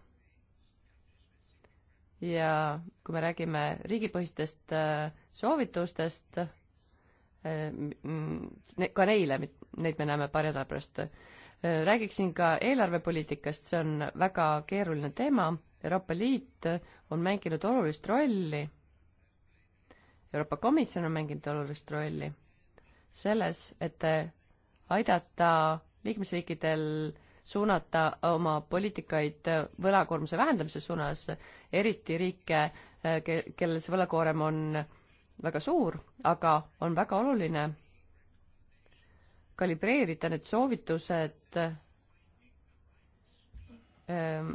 ja kui me räägime riigipõhistest äh, soovitustest, äh, ka neile, neid me näeme paari nädala pärast, äh, räägiksin ka eelarvepoliitikast, see on väga keeruline teema, Euroopa Liit on mänginud olulist rolli, Euroopa Komisjon on mänginud olulist rolli selles, et aidata liikmesriikidel suunata oma poliitikaid võlakoormuse vähendamise suunas, eriti riike, eh, kellel see võlakoorem on väga suur, aga on väga oluline kalibreerida need soovitused ehm,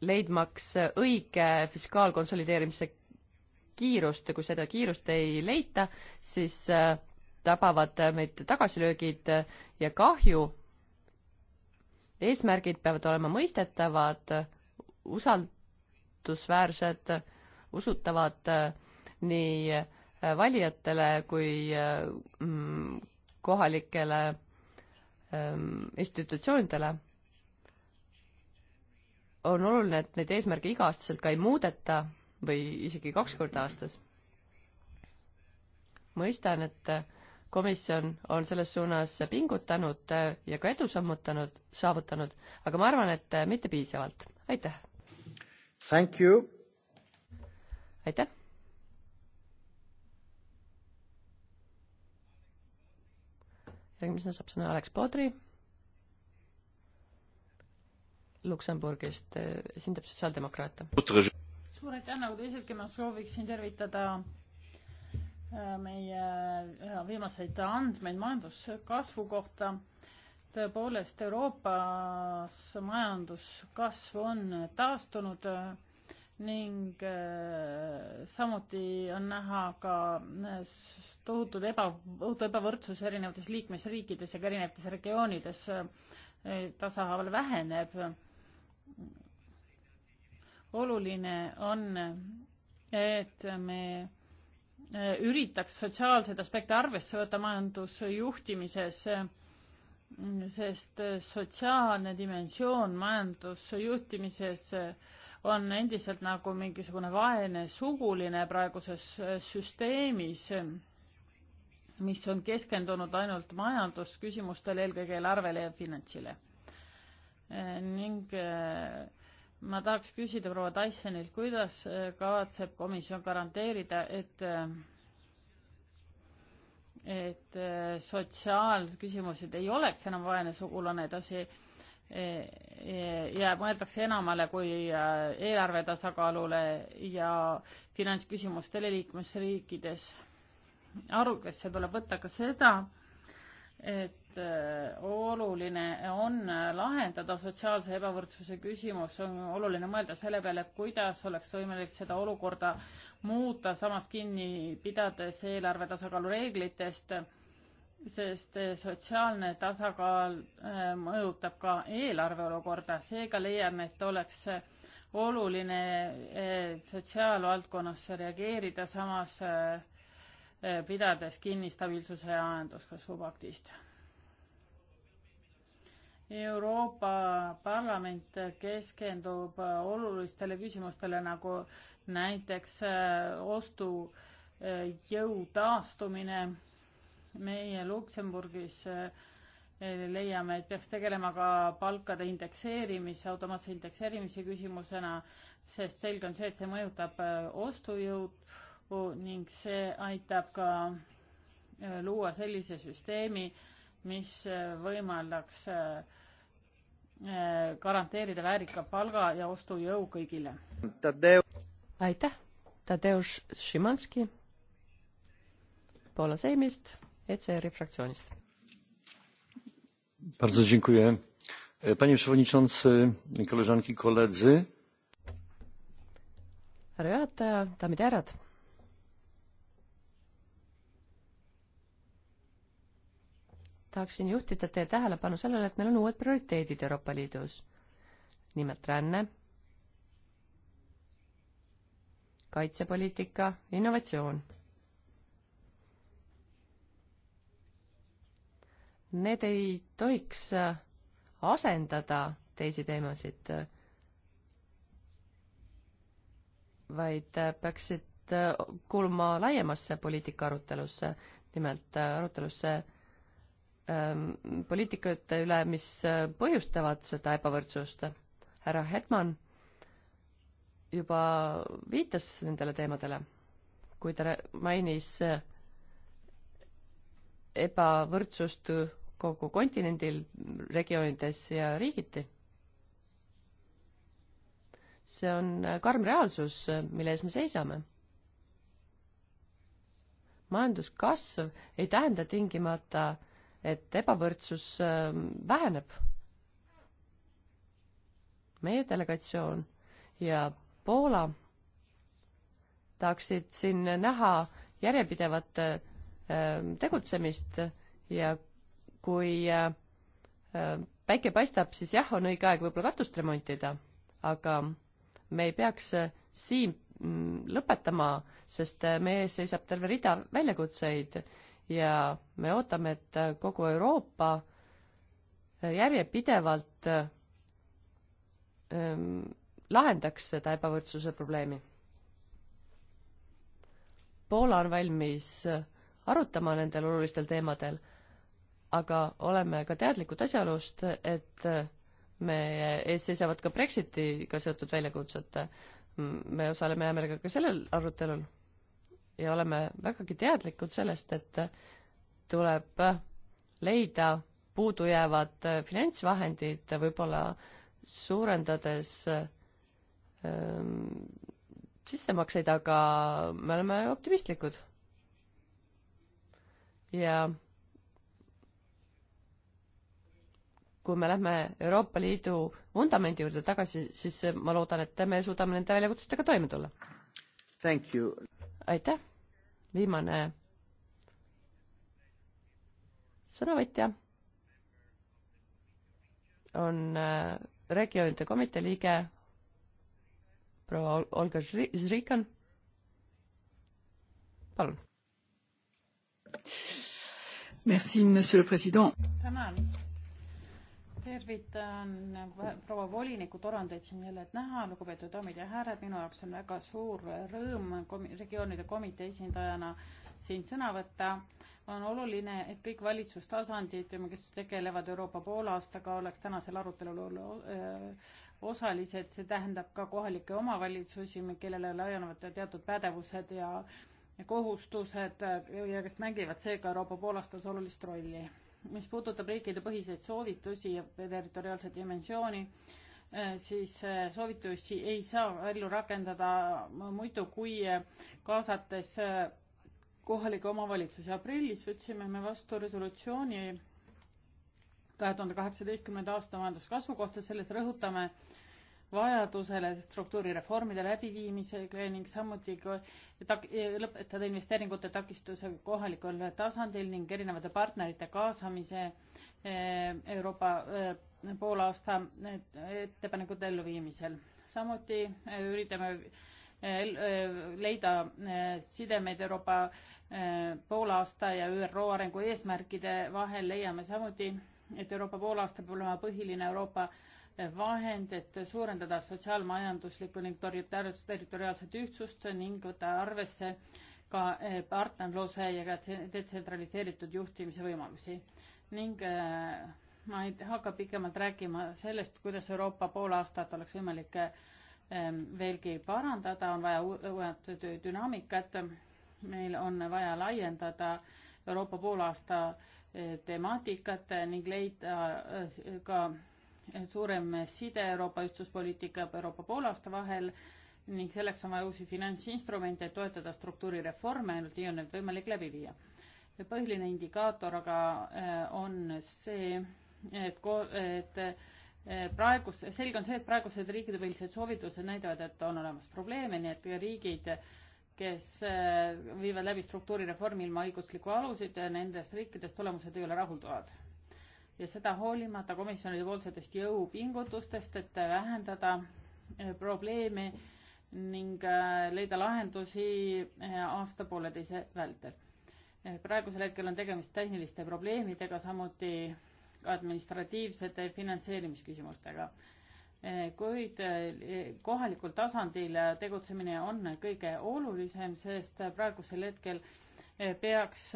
leidmaks õige fiskaalkonsolideerimise kiirust ja kui seda kiirust ei leita, siis äh, tabavad meid tagasilöögid ja kahju. eesmärgid peavad olema mõistetavad, usaldusväärsed, usutavad nii äh, valijatele kui äh, mm, kohalikele ähm, institutsioonidele on oluline, et neid eesmärke iga-aastaselt ka ei muudeta või isegi kaks korda aastas. mõistan, et komisjon on selles suunas pingutanud ja ka edu sammutanud, saavutanud, aga ma arvan, et mitte piisavalt. aitäh! Thank you! aitäh! järgmisena saab sõna Alex Podri Luksemburgist, eh, esindab sotsiaaldemokraate. suur aitäh, nagu teisedki, ma sooviksin tervitada Äh, meie äh, viimaseid andmeid majanduskasvu kohta. tõepoolest Euroopas majanduskasv on taastunud äh, ning samuti on näha ka tohutud eba, tohutu ebavõrdsus erinevates liikmesriikides ja ka erinevates regioonides tasahaaval väheneb. oluline on, et me Äh, üritaks sotsiaalseid aspekte arvesse võtta majandusjuhtimises, mm, sest äh, sotsiaalne dimensioon majandusjuhtimises äh, on endiselt nagu mingisugune vaene suguline praeguses süsteemis, mis on keskendunud ainult majandusküsimustele, eelkõige eelarvele ja finantsile. ning ma tahaks küsida proua Tysonilt, kuidas äh, kavatseb komisjon garanteerida, et äh, et äh, sotsiaalküsimused ei oleks enam vaene sugulane edasi ja mõeldakse enamale kui eelarve tasakaalule ja finantsküsimustele liikmesriikides. arvesse tuleb võtta ka seda, et äh, oluline on lahendada sotsiaalse ebavõrdsuse küsimus, on oluline mõelda selle peale, kuidas oleks võimalik seda olukorda muuta, samas kinni pidades eelarve tasakaalu reeglitest, sest äh, sotsiaalne tasakaal äh, mõjutab ka eelarve olukorda, seega leian, et oleks oluline sotsiaalvaldkonnas reageerida, samas Äh, pidades kinni stabiilsuse ja majanduskasvu paktist. Euroopa Parlament keskendub olulistele küsimustele nagu näiteks äh, ostujõu äh, taastumine. meie Luksemburgis leiame, et peaks tegelema ka palkade indekseerimise, automaatse indekseerimise küsimusena, sest selge on see, et see mõjutab ostujõud ning see aitab ka äh, luua sellise süsteemi, mis äh, võimaldaks äh, garanteerida väärika palga ja ostujõu kõigile. aitäh, Tadeusz Šimanski Poola Seimist, ECR-i fraktsioonist. Bardzo dziękuję. E, panie Przewodniczący, koleżanki, koledzy. härra juhataja, daamid ja härrad tahaksin juhtida teie tähelepanu sellele, et meil on uued prioriteedid Euroopa Liidus. nimelt ränne, kaitsepoliitika, innovatsioon. Need ei tohiks asendada teisi teemasid, vaid peaksid kuuluma laiemasse poliitika arutelusse, nimelt arutelusse äh, Ähm, poliitikate üle, mis äh, põhjustavad seda ebavõrdsust. härra Hetman juba viitas nendele teemadele, kui ta mainis äh, ebavõrdsust kogu kontinendil, regioonides ja riigiti. see on äh, karm reaalsus, mille ees me seisame majanduskasv ei tähenda tingimata äh, et ebavõrdsus ähm, väheneb. meie delegatsioon ja Poola tahaksid siin näha järjepidevat ähm, tegutsemist ja kui ähm, päike paistab, siis jah, on õige aeg võib-olla katust remontida, aga me ei peaks äh, siin mm, lõpetama, sest äh, meie ees seisab terve rida väljakutseid ja me ootame, et kogu Euroopa äh, järjepidevalt äh, ähm, lahendaks seda ebavõrdsuse probleemi. Poola on valmis äh, arutama nendel olulistel teemadel, aga oleme ka teadlikud asjaolust, et meie ees seisavad ka Brexitiga seotud väljakutsed. me osaleme hea meelega ka sellel arutelul ja oleme vägagi teadlikud sellest, et tuleb leida puudujäävad äh, finantsvahendid, võib-olla suurendades ähm, sissemakseid, aga me oleme optimistlikud. ja kui me lähme Euroopa Liidu vundamendi juurde tagasi, siis ma loodan, et me suudame nende väljakutsetega toime tulla. aitäh! viimane sõnavõtja on äh, regioonide komitee liige proua Olga Zrikan. palun. tänan, tervitan äh, proua voliniku torandeid siin jälle, et näha, lugupeetud daamid ja härrad, minu jaoks on väga suur rõõm komi-, regioonide komitee esindajana siin sõna võtta. on oluline, et kõik valitsustasandid, kes tegelevad Euroopa poolaastaga, oleks tänasel arutelul äh, osalised, see tähendab ka kohalikke omavalitsusi, kellele laienevad teatud pädevused ja kohustused ja kes mängivad seega Euroopa poolaastas olulist rolli mis puudutab riikide põhiseid soovitusi ja territoriaalset dimensiooni, eh, siis eh, soovitusi ei saa ellu rakendada muidu, kui eh, kaasates kohalikke omavalitsusi. aprillis võtsime me vastu resolutsiooni kahe tuhande kaheksateistkümnenda aasta majanduskasvu kohta, selles rõhutame äh, vajadusele struktuurireformide läbiviimisega ning samuti tak-, lõpetada investeeringute takistuse kohalikul tasandil ning erinevate partnerite kaasamise eh, Euroopa eh, poolaasta eh, ettepanekute elluviimisel. samuti üritame leida sidemeid Euroopa poolaasta ja ÜRO arengu eesmärkide vahel, leiame samuti, et Euroopa poolaasta peab olema põhiline Euroopa vahend, et suurendada sotsiaalmajanduslikku ning territoriaalset ühtsust ning võtta arvesse ka eh, partnerluse ja ka detsentraliseeritud juhtimise võimalusi. ning eh, ma ei hakka pikemalt rääkima sellest, kuidas Euroopa pool aastat oleks võimalik eh, veelgi parandada, on vaja uued dünaamikat, meil on vaja laiendada Euroopa poolaasta temaatikat ning leida ka suurem side Euroopa ühtsuspoliitika ja Euroopa poolaasta vahel ning selleks on vaja uusi finantsinstrumente, et toetada struktuurireforme, ainult nii on need võimalik läbi viia. põhiline indikaator aga äh, on see, et ko-, et äh, praegus, selge on see, et praegused riikidevälised soovitused näitavad, et on olemas probleeme, nii et riigid, kes äh, viivad läbi struktuurireformi ilma õigusliku aluseta, nendes riikides tulemused ei ole rahuldavad ja seda hoolimata komisjonide poolsetest jõupingutustest, et vähendada eh, probleeme ning eh, leida lahendusi eh, aasta-pooleteise vältel. praegusel hetkel on tegemist tehniliste probleemidega, samuti administratiivsete finantseerimisküsimustega. kuid kohalikul tasandil tegutsemine on kõige olulisem, sest praegusel hetkel peaks,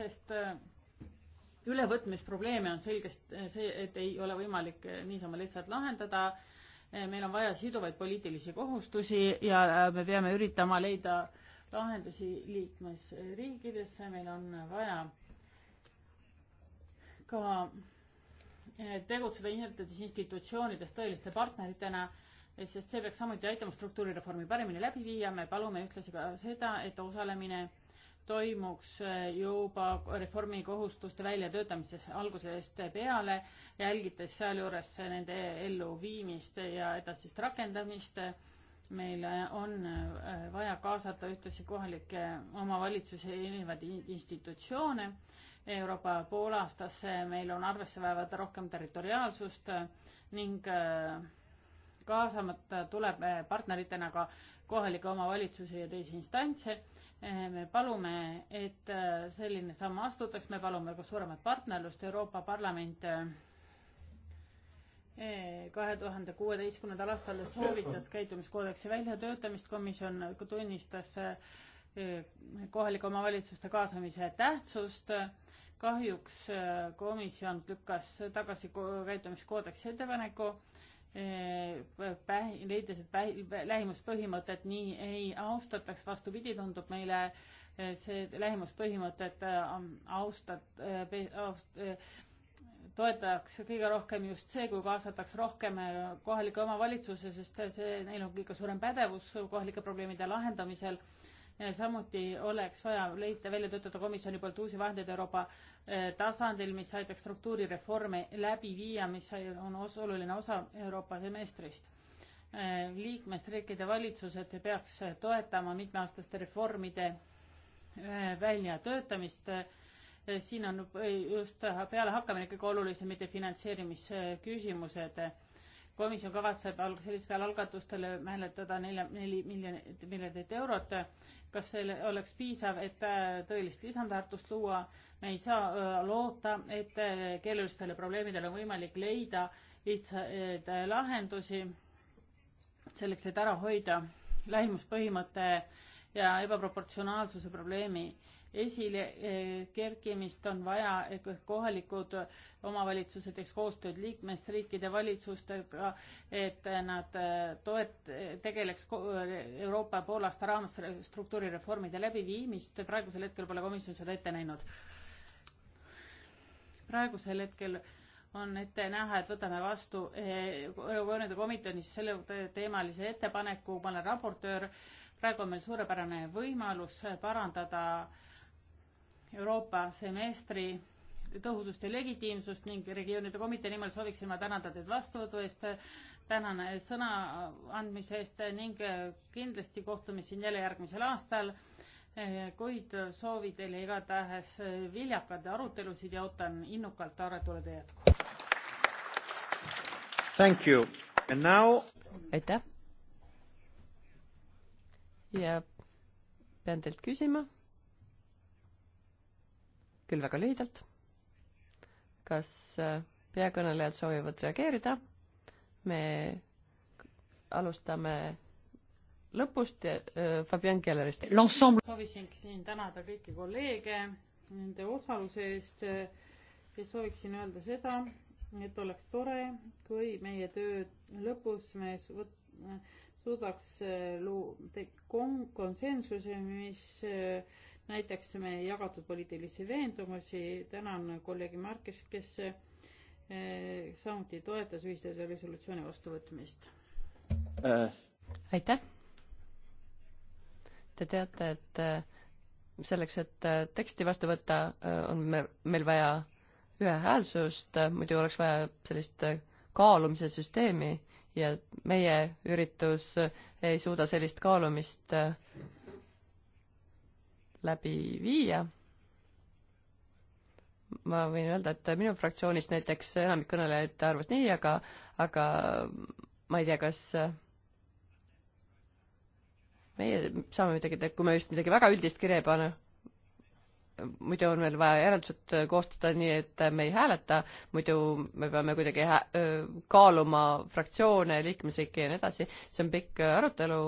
sest ülevõtmisprobleeme on selgest see, et ei ole võimalik eh, niisama lihtsalt lahendada. Eh, meil on vaja siduvaid poliitilisi kohustusi ja eh, me peame üritama leida lahendusi liikmesriikidesse, meil on vaja ka tegutseda inimestes institutsioonides tõeliste partneritena, sest see peaks samuti aitama struktuurireformi paremini läbi viia, me palume ühtlasi ka seda, et osalemine toimuks äh, juba reformi kohustuste väljatöötamises algusest peale, jälgides sealjuures nende elluviimist ja edasist rakendamist. meil äh, on äh, vaja kaasata ühtlasi kohalikke omavalitsusi ja erinevaid institutsioone. Euroopa poolaastasse meil on arvesse vaevata rohkem territoriaalsust ning kaasamata tuleb partneritena ka kohalikke omavalitsusi ja teisi instantse. Eh, me palume, et eh, selline samm astutaks, me palume ka suuremat partnerlust, Euroopa Parlament eh, kahe tuhande kuueteistkümnendal aastal soovitas käitumiskoodeksi väljatöötamist, komisjon tunnistas kohalike omavalitsuste kaasamise tähtsust. kahjuks komisjon lükkas tagasi käitumiskoodeksi ettepaneku Äh, päh-, leides, et päh-, lähimuspõhimõtet nii ei austataks, vastupidi, tundub meile äh, see lähimuspõhimõtet äh, austat-, aust-, toetaks kõige rohkem just see, kui kaasataks rohkem kohalikke omavalitsusi, sest see, neil on kõige suurem pädevus kohalike probleemide lahendamisel. samuti oleks vaja leida, välja töötada komisjoni poolt uusi vahendeid Euroopa Eh, tasandil, mis aitaks struktuurireforme läbi viia, mis on os-, oluline osa Euroopa semestrist. Eh, liikmesriikide valitsused peaks toetama mitmeaastaste reformide eh, väljatöötamist, siin on just pealehakkamine kõige olulisem, mitte finantseerimisküsimused komisjon kavatseb alg-, sellistele algatustele mäletada nelja, neli miljonit, miljardit eurot. kas see oleks piisav, et äh, tõelist lisandväärtust luua? me ei saa äh, loota, et äh, keelelistele probleemidele on võimalik leida lihtsaid lahendusi selleks, et ära hoida lähimuspõhimõtte ja ebaproportsionaalsuse probleemi esile eh, kerkimist, on vaja, et kohalikud omavalitsused teeks koostööd liikmesriikide valitsustega, et nad eh, toet-, tegeleks Euroopa poolaasta raames struktuurireformide läbiviimist, praegusel hetkel pole komisjon seda ette näinud. praegusel hetkel on ette näha, et võtame vastu Euroopa eh, Komisjonis selle teemalise ettepaneku, ma olen raportöör, praegu on meil suurepärane võimalus parandada äh, Euroopa semestri tõhusust ja legitiimsust ning regioonide komitee nimel sooviksin ma tänada teid vastuvõtu eest, tänan sõna andmise eest ning kindlasti kohtume siin jälle järgmisel aastal, kuid soovin teile igatahes viljakad arutelusid ja ootan innukalt arutelude jätku. Thank you and now aitäh! ja pean teilt küsima küll väga lühidalt. kas äh, peakõnelejad soovivad reageerida? me alustame lõpust ja äh, Fabian Kellerist. soovisin siin tänada kõiki kolleege nende osaluse eest ja sooviksin öelda seda, et oleks tore, kui meie töö lõpus me võt, suudaks äh, luua konsensuse, mis äh, näiteks meie jagatud poliitilisi veendumusi, tänan kolleeg Markes, kes eh, samuti toetas ühise resolutsiooni vastuvõtmist äh.. aitäh! Te teate, et eh, selleks, et eh, teksti vastu võtta, on meil vaja ühehäälsust, muidu oleks vaja sellist kaalumise süsteemi ja meie üritus ei suuda sellist kaalumist läbi viia. ma võin öelda, et minu fraktsioonist näiteks enamik kõnelejaid arvas nii, aga, aga ma ei tea, kas meie saame midagi teha, kui me just midagi väga üldist kirja ei pane, muidu on meil vaja järeldused koostada nii, et me ei hääleta, muidu me peame kuidagi hää-, kaaluma fraktsioone, liikmesriike ja nii edasi, see on pikk arutelu,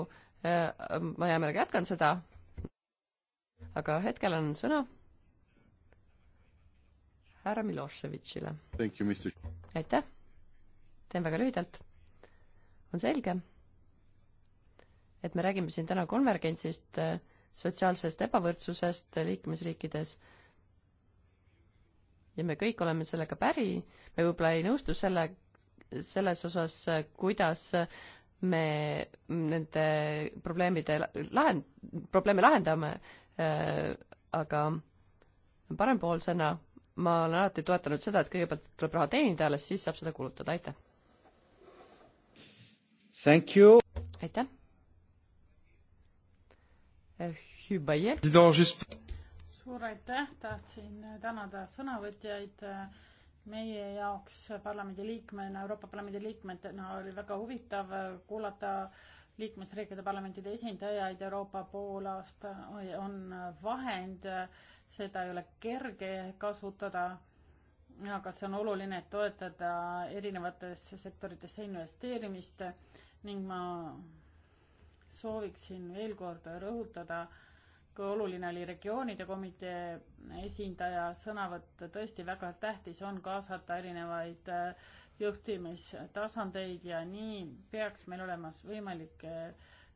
ma hea meelega jätkan seda aga hetkel on sõna härra Miloševitšile. aitäh, teen väga lühidalt. on selge, et me räägime siin täna konvergentsist, sotsiaalsest ebavõrdsusest liikmesriikides ja me kõik oleme sellega päri, me võib-olla ei nõustu selle, selles osas, kuidas me nende probleemide lahend-, probleeme lahendame Äh, aga parempoolsena ma olen alati toetanud seda, et kõigepealt tuleb raha teenida, alles siis saab seda kulutada, aitäh. Thank you. aitäh. Äh, Hübaje. suur aitäh, tahtsin tänada sõnavõtjaid äh, meie jaoks parlamendi liikmena, Euroopa Parlamendi liikmetena oli väga huvitav kuulata äh, liikmesriikide parlamentide esindajaid Euroopa poolaasta on vahend, seda ei ole kerge kasutada, aga see on oluline, et toetada erinevatesse sektoritesse investeerimist ning ma sooviksin veel kord rõhutada, kui oluline oli regioonide komitee esindaja sõnavõtt, tõesti väga tähtis on kaasata erinevaid äh, juhtimistasandeid ja nii peaks meil olema võimalik eh,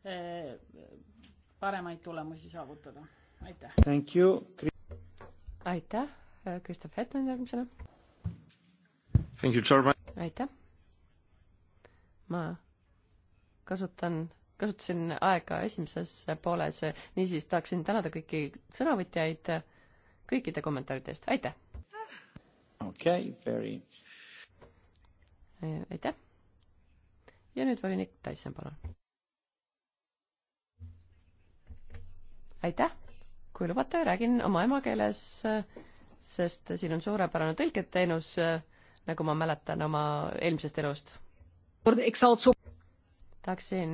eh, paremaid tulemusi saavutada. aitäh. aitäh, Kristof Hetman järgmisena. aitäh. ma kasutan, kasutasin aega esimeses pooles, niisiis tahaksin tänada kõiki sõnavõtjaid kõikide kommentaaride eest, aitäh! okei okay,, very Äh, aitäh. ja nüüd volinik Tyson, palun. aitäh, kui lubate, räägin oma emakeeles, sest siin on suurepärane tõlketeenus, nagu ma mäletan oma eelmisest elust. tahaksin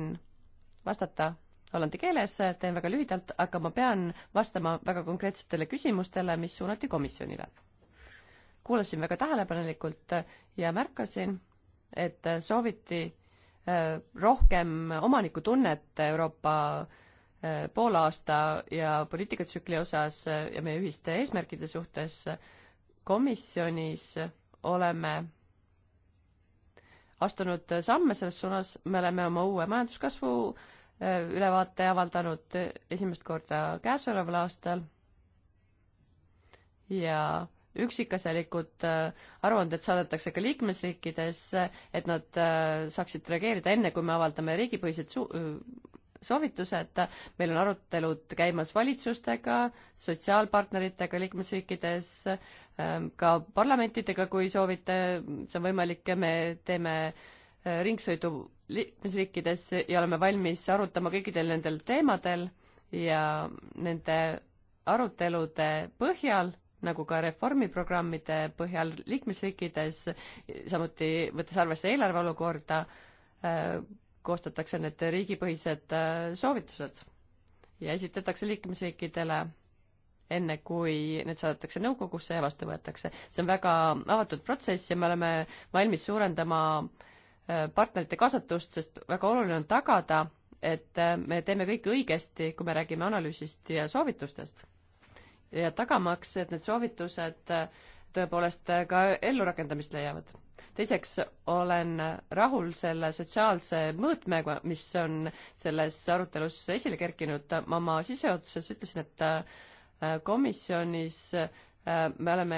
vastata hollandi keeles, teen väga lühidalt, aga ma pean vastama väga konkreetsetele küsimustele, mis suunati komisjonile. kuulasin väga tähelepanelikult ja märkasin, et äh, sooviti äh, rohkem omanikutunnet Euroopa äh, poolaasta ja poliitikatsükli osas ja meie ühiste eesmärkide suhtes. komisjonis oleme astunud samme selles suunas, me oleme oma uue majanduskasvu ülevaate avaldanud esimest korda käesoleval aastal ja üksikasjalikud äh, aruanded saadetakse ka liikmesriikidesse, et nad äh, saaksid reageerida enne, kui me avaldame riigipõhised su-, äh, soovitused, meil on arutelud käimas valitsustega, sotsiaalpartneritega liikmesriikides, ähm, ka parlamentidega, kui soovite, see on võimalik, me teeme ringsõidu liikmesriikides ja oleme valmis arutama kõikidel nendel teemadel ja nende arutelude põhjal nagu ka reformiprogrammide põhjal liikmesriikides, samuti võttes arvesse eelarve olukorda, äh, koostatakse need riigipõhised äh, soovitused ja esitatakse liikmesriikidele enne, kui need saadetakse nõukogusse ja vastu võetakse. see on väga avatud protsess ja me oleme valmis suurendama äh, partnerite kaasatust, sest väga oluline on tagada, et me teeme kõik õigesti, kui me räägime analüüsist ja soovitustest ja tagamaks, et need soovitused äh, tõepoolest äh, ka ellurakendamist leiavad. teiseks olen rahul selle sotsiaalse mõõtmega, mis on selles arutelus esile kerkinud. ma oma sissejuhatuses ütlesin, et äh, komisjonis me oleme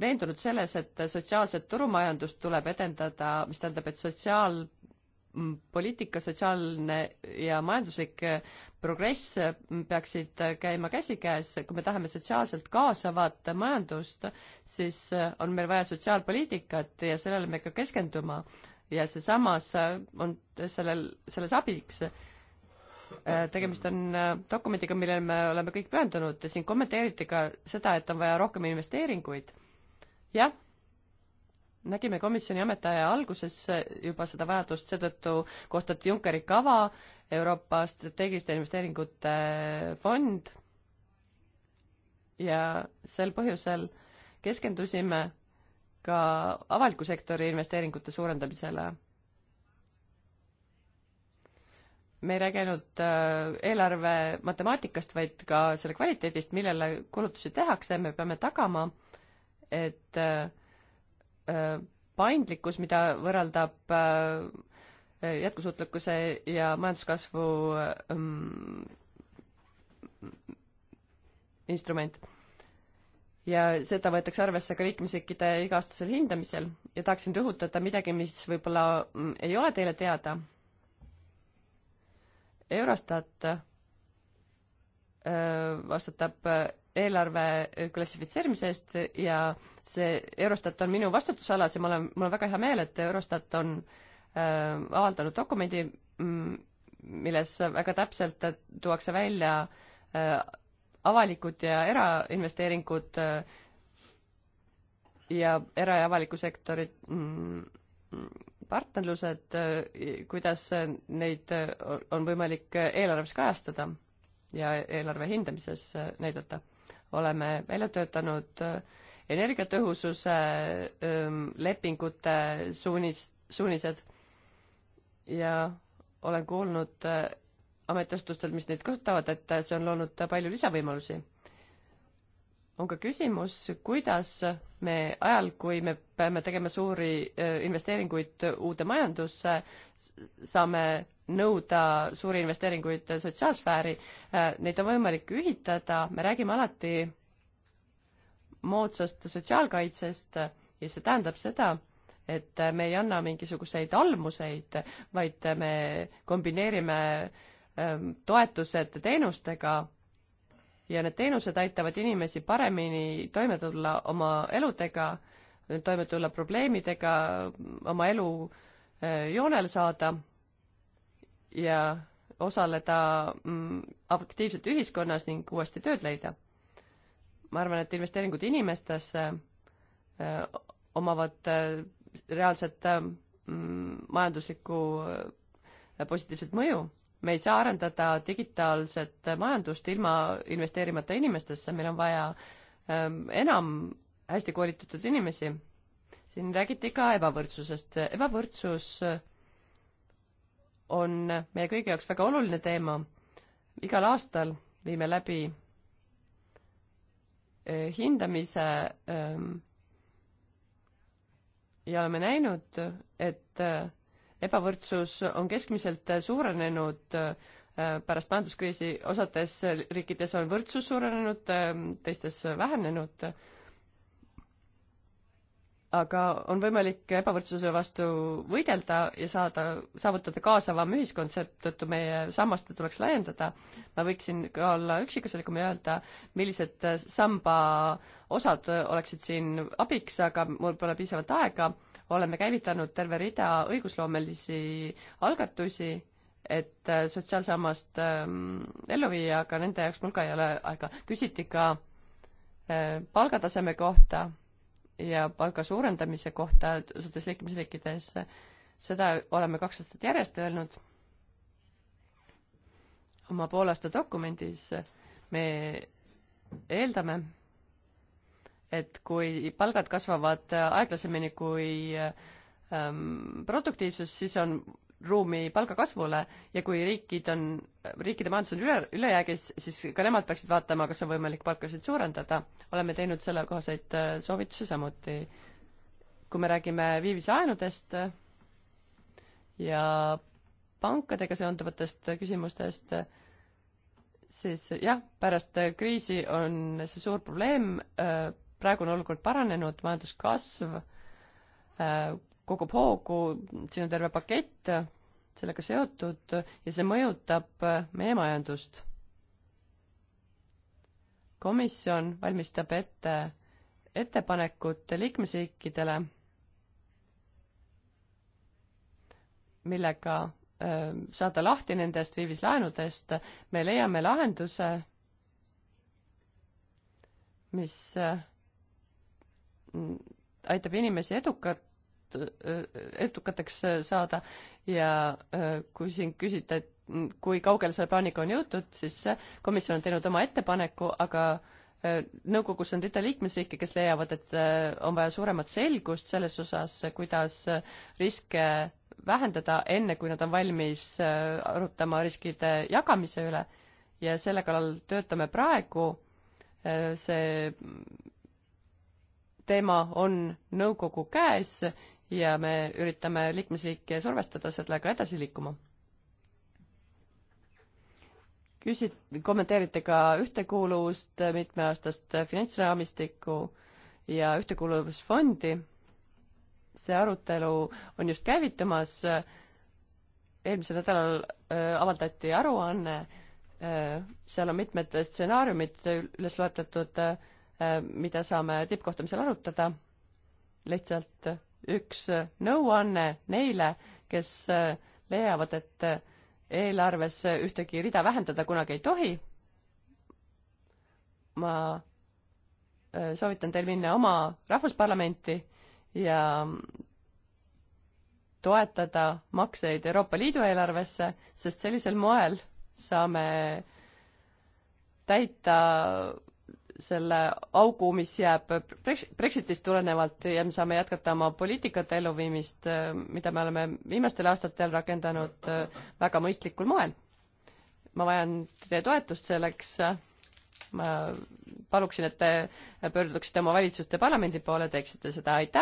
veendunud selles, et sotsiaalset turumajandust tuleb edendada, mis tähendab, et sotsiaal poliitika, sotsiaalne ja majanduslik äh, progress äh, peaksid äh, käima käsikäes, kui me tahame sotsiaalselt kaasavat majandust, siis on meil vaja sotsiaalpoliitikat ja sellele me ka keskenduma. ja seesamas on sellel, selles abiks. tegemist on dokumendiga, millele me oleme kõik pühendunud ja siin kommenteeriti ka seda, et on vaja rohkem investeeringuid. jah nägime komisjoni ametiaja alguses juba seda vajadust, seetõttu koostati Junckeri kava, Euroopa strateegiliste investeeringute fond ja sel põhjusel keskendusime ka avaliku sektori investeeringute suurendamisele. me ei räägi ainult äh, eelarve matemaatikast, vaid ka selle kvaliteedist, millele kulutusi tehakse, me peame tagama, et äh, Äh, paindlikkus, mida võrreldab äh, jätkusuutlikkuse ja majanduskasvu ähm, instrument. ja seda võetakse arvesse ka liikmesriikide iga-aastasel hindamisel ja tahaksin rõhutada midagi, mis võib-olla mm, ei ole teile teada. Eurostat äh, vastutab eelarve klassifitseerimise eest ja see Eurostat on minu vastutusalas ja ma olen, mul on väga hea meel, et Eurostat on äh, avaldanud dokumendi, mm, milles väga täpselt äh, tuuakse välja äh, avalikud ja erainvesteeringud äh, ja era- ja avaliku sektori mm, partnerlused, äh, kuidas neid äh, on võimalik eelarves kajastada ja eelarve hindamises näidata oleme välja töötanud äh, energiatõhususe ähm, lepingute suunis, suunised ja olen kuulnud äh, ametiasutustelt, mis neid kasutavad, et äh, see on loonud palju lisavõimalusi on ka küsimus, kuidas me ajal, kui me peame tegema suuri äh, investeeringuid uude majandusse, saame nõuda suuri investeeringuid sotsiaalsfääri, äh, neid on võimalik ühitada, me räägime alati moodsast sotsiaalkaitsest ja see tähendab seda, et me ei anna mingisuguseid almuseid, vaid me kombineerime ähm, toetused teenustega ja need teenused aitavad inimesi paremini toime tulla oma eludega, toime tulla probleemidega, oma elu eh, joonele saada ja osaleda mm, aktiivselt ühiskonnas ning uuesti tööd leida. ma arvan, et investeeringud inimestesse eh, omavad eh, reaalset mm, majanduslikku positiivset mõju me ei saa arendada digitaalset majandust ilma investeerimata inimestesse, meil on vaja ähm, enam hästi koolitatud inimesi. siin räägiti ka ebavõrdsusest, ebavõrdsus äh, on meie kõigi jaoks väga oluline teema. igal aastal viime läbi äh, hindamise ähm, ja oleme näinud, et äh, ebavõrdsus on keskmiselt suurenenud äh, pärast majanduskriisi, osates riikides on võrdsus suurenenud, äh, teistes vähenenud, aga on võimalik ebavõrdsuse vastu võidelda ja saada, saavutada kaasavam ühiskond, seetõttu meie sammaste tuleks laiendada. ma võiksin ka olla üksikasjalikum ja öelda, millised samba osad oleksid siin abiks, aga mul pole piisavalt aega oleme käivitanud terve rida õigusloomelisi algatusi, et äh, sotsiaalsammast ähm, ellu viia, aga nende jaoks mul ka ei ole aega. küsiti ka äh, palgataseme kohta ja palga suurendamise kohta suurtes liikmesriikides, seda oleme kaks aastat järjest öelnud oma poolaasta dokumendis me eeldame, et kui palgad kasvavad äh, aeglasemini kui ähm, produktiivsus, siis on ruumi palgakasvule ja kui riikid on, riikide majandus on üle, ülejäägis, siis ka nemad peaksid vaatama, kas on võimalik palkasid suurendada. oleme teinud sellekohaseid äh, soovitusi samuti. kui me räägime viivislaenudest äh, ja pankadega seonduvatest küsimustest, siis jah, pärast kriisi on see suur probleem äh,, praegu on olukord paranenud, majanduskasv äh, kogub hoogu, siin on terve pakett sellega seotud ja see mõjutab äh, meie majandust. komisjon valmistab ette ettepanekut liikmesriikidele, millega äh, saada lahti nendest viivislaenudest, me leiame lahenduse, mis aitab inimesi edukat, edukateks saada ja äh, kui siin küsite, et mm, kui kaugele selle plaaniga on jõutud, siis komisjon on teinud oma ettepaneku, aga äh, nõukogus on rida liikmesriike, kes leiavad, et äh, on vaja suuremat selgust selles osas, kuidas riske vähendada, enne kui nad on valmis arutama riskide jagamise üle ja selle kallal töötame praegu. see teema on nõukogu käes ja me üritame liikmesriike survestada sellega edasi liikuma. küsi-, kommenteerite ka ühtekuuluvust, mitmeaastast finantsraamistikku ja ühtekuuluvusfondi. see arutelu on just käivitumas. eelmisel nädalal äh, avaldati aruanne, äh, seal on mitmed stsenaariumid üles loetletud äh, Äh, mida saame tippkohtumisel arutada. lihtsalt üks nõuanne neile, kes äh, leiavad, et äh, eelarves ühtegi rida vähendada kunagi ei tohi. ma soovitan teil minna oma rahvusparlamenti ja toetada makseid Euroopa Liidu eelarvesse, sest sellisel moel saame täita selle augu, mis jääb Brexitist tulenevalt ja me saame jätkata oma poliitikate elluviimist, mida me oleme viimastel aastatel rakendanud äh, väga mõistlikul moel. ma vajan teie toetust selleks, ma paluksin, et te pöörduksite oma valitsuste parlamendi poole, teeksite seda, aitäh!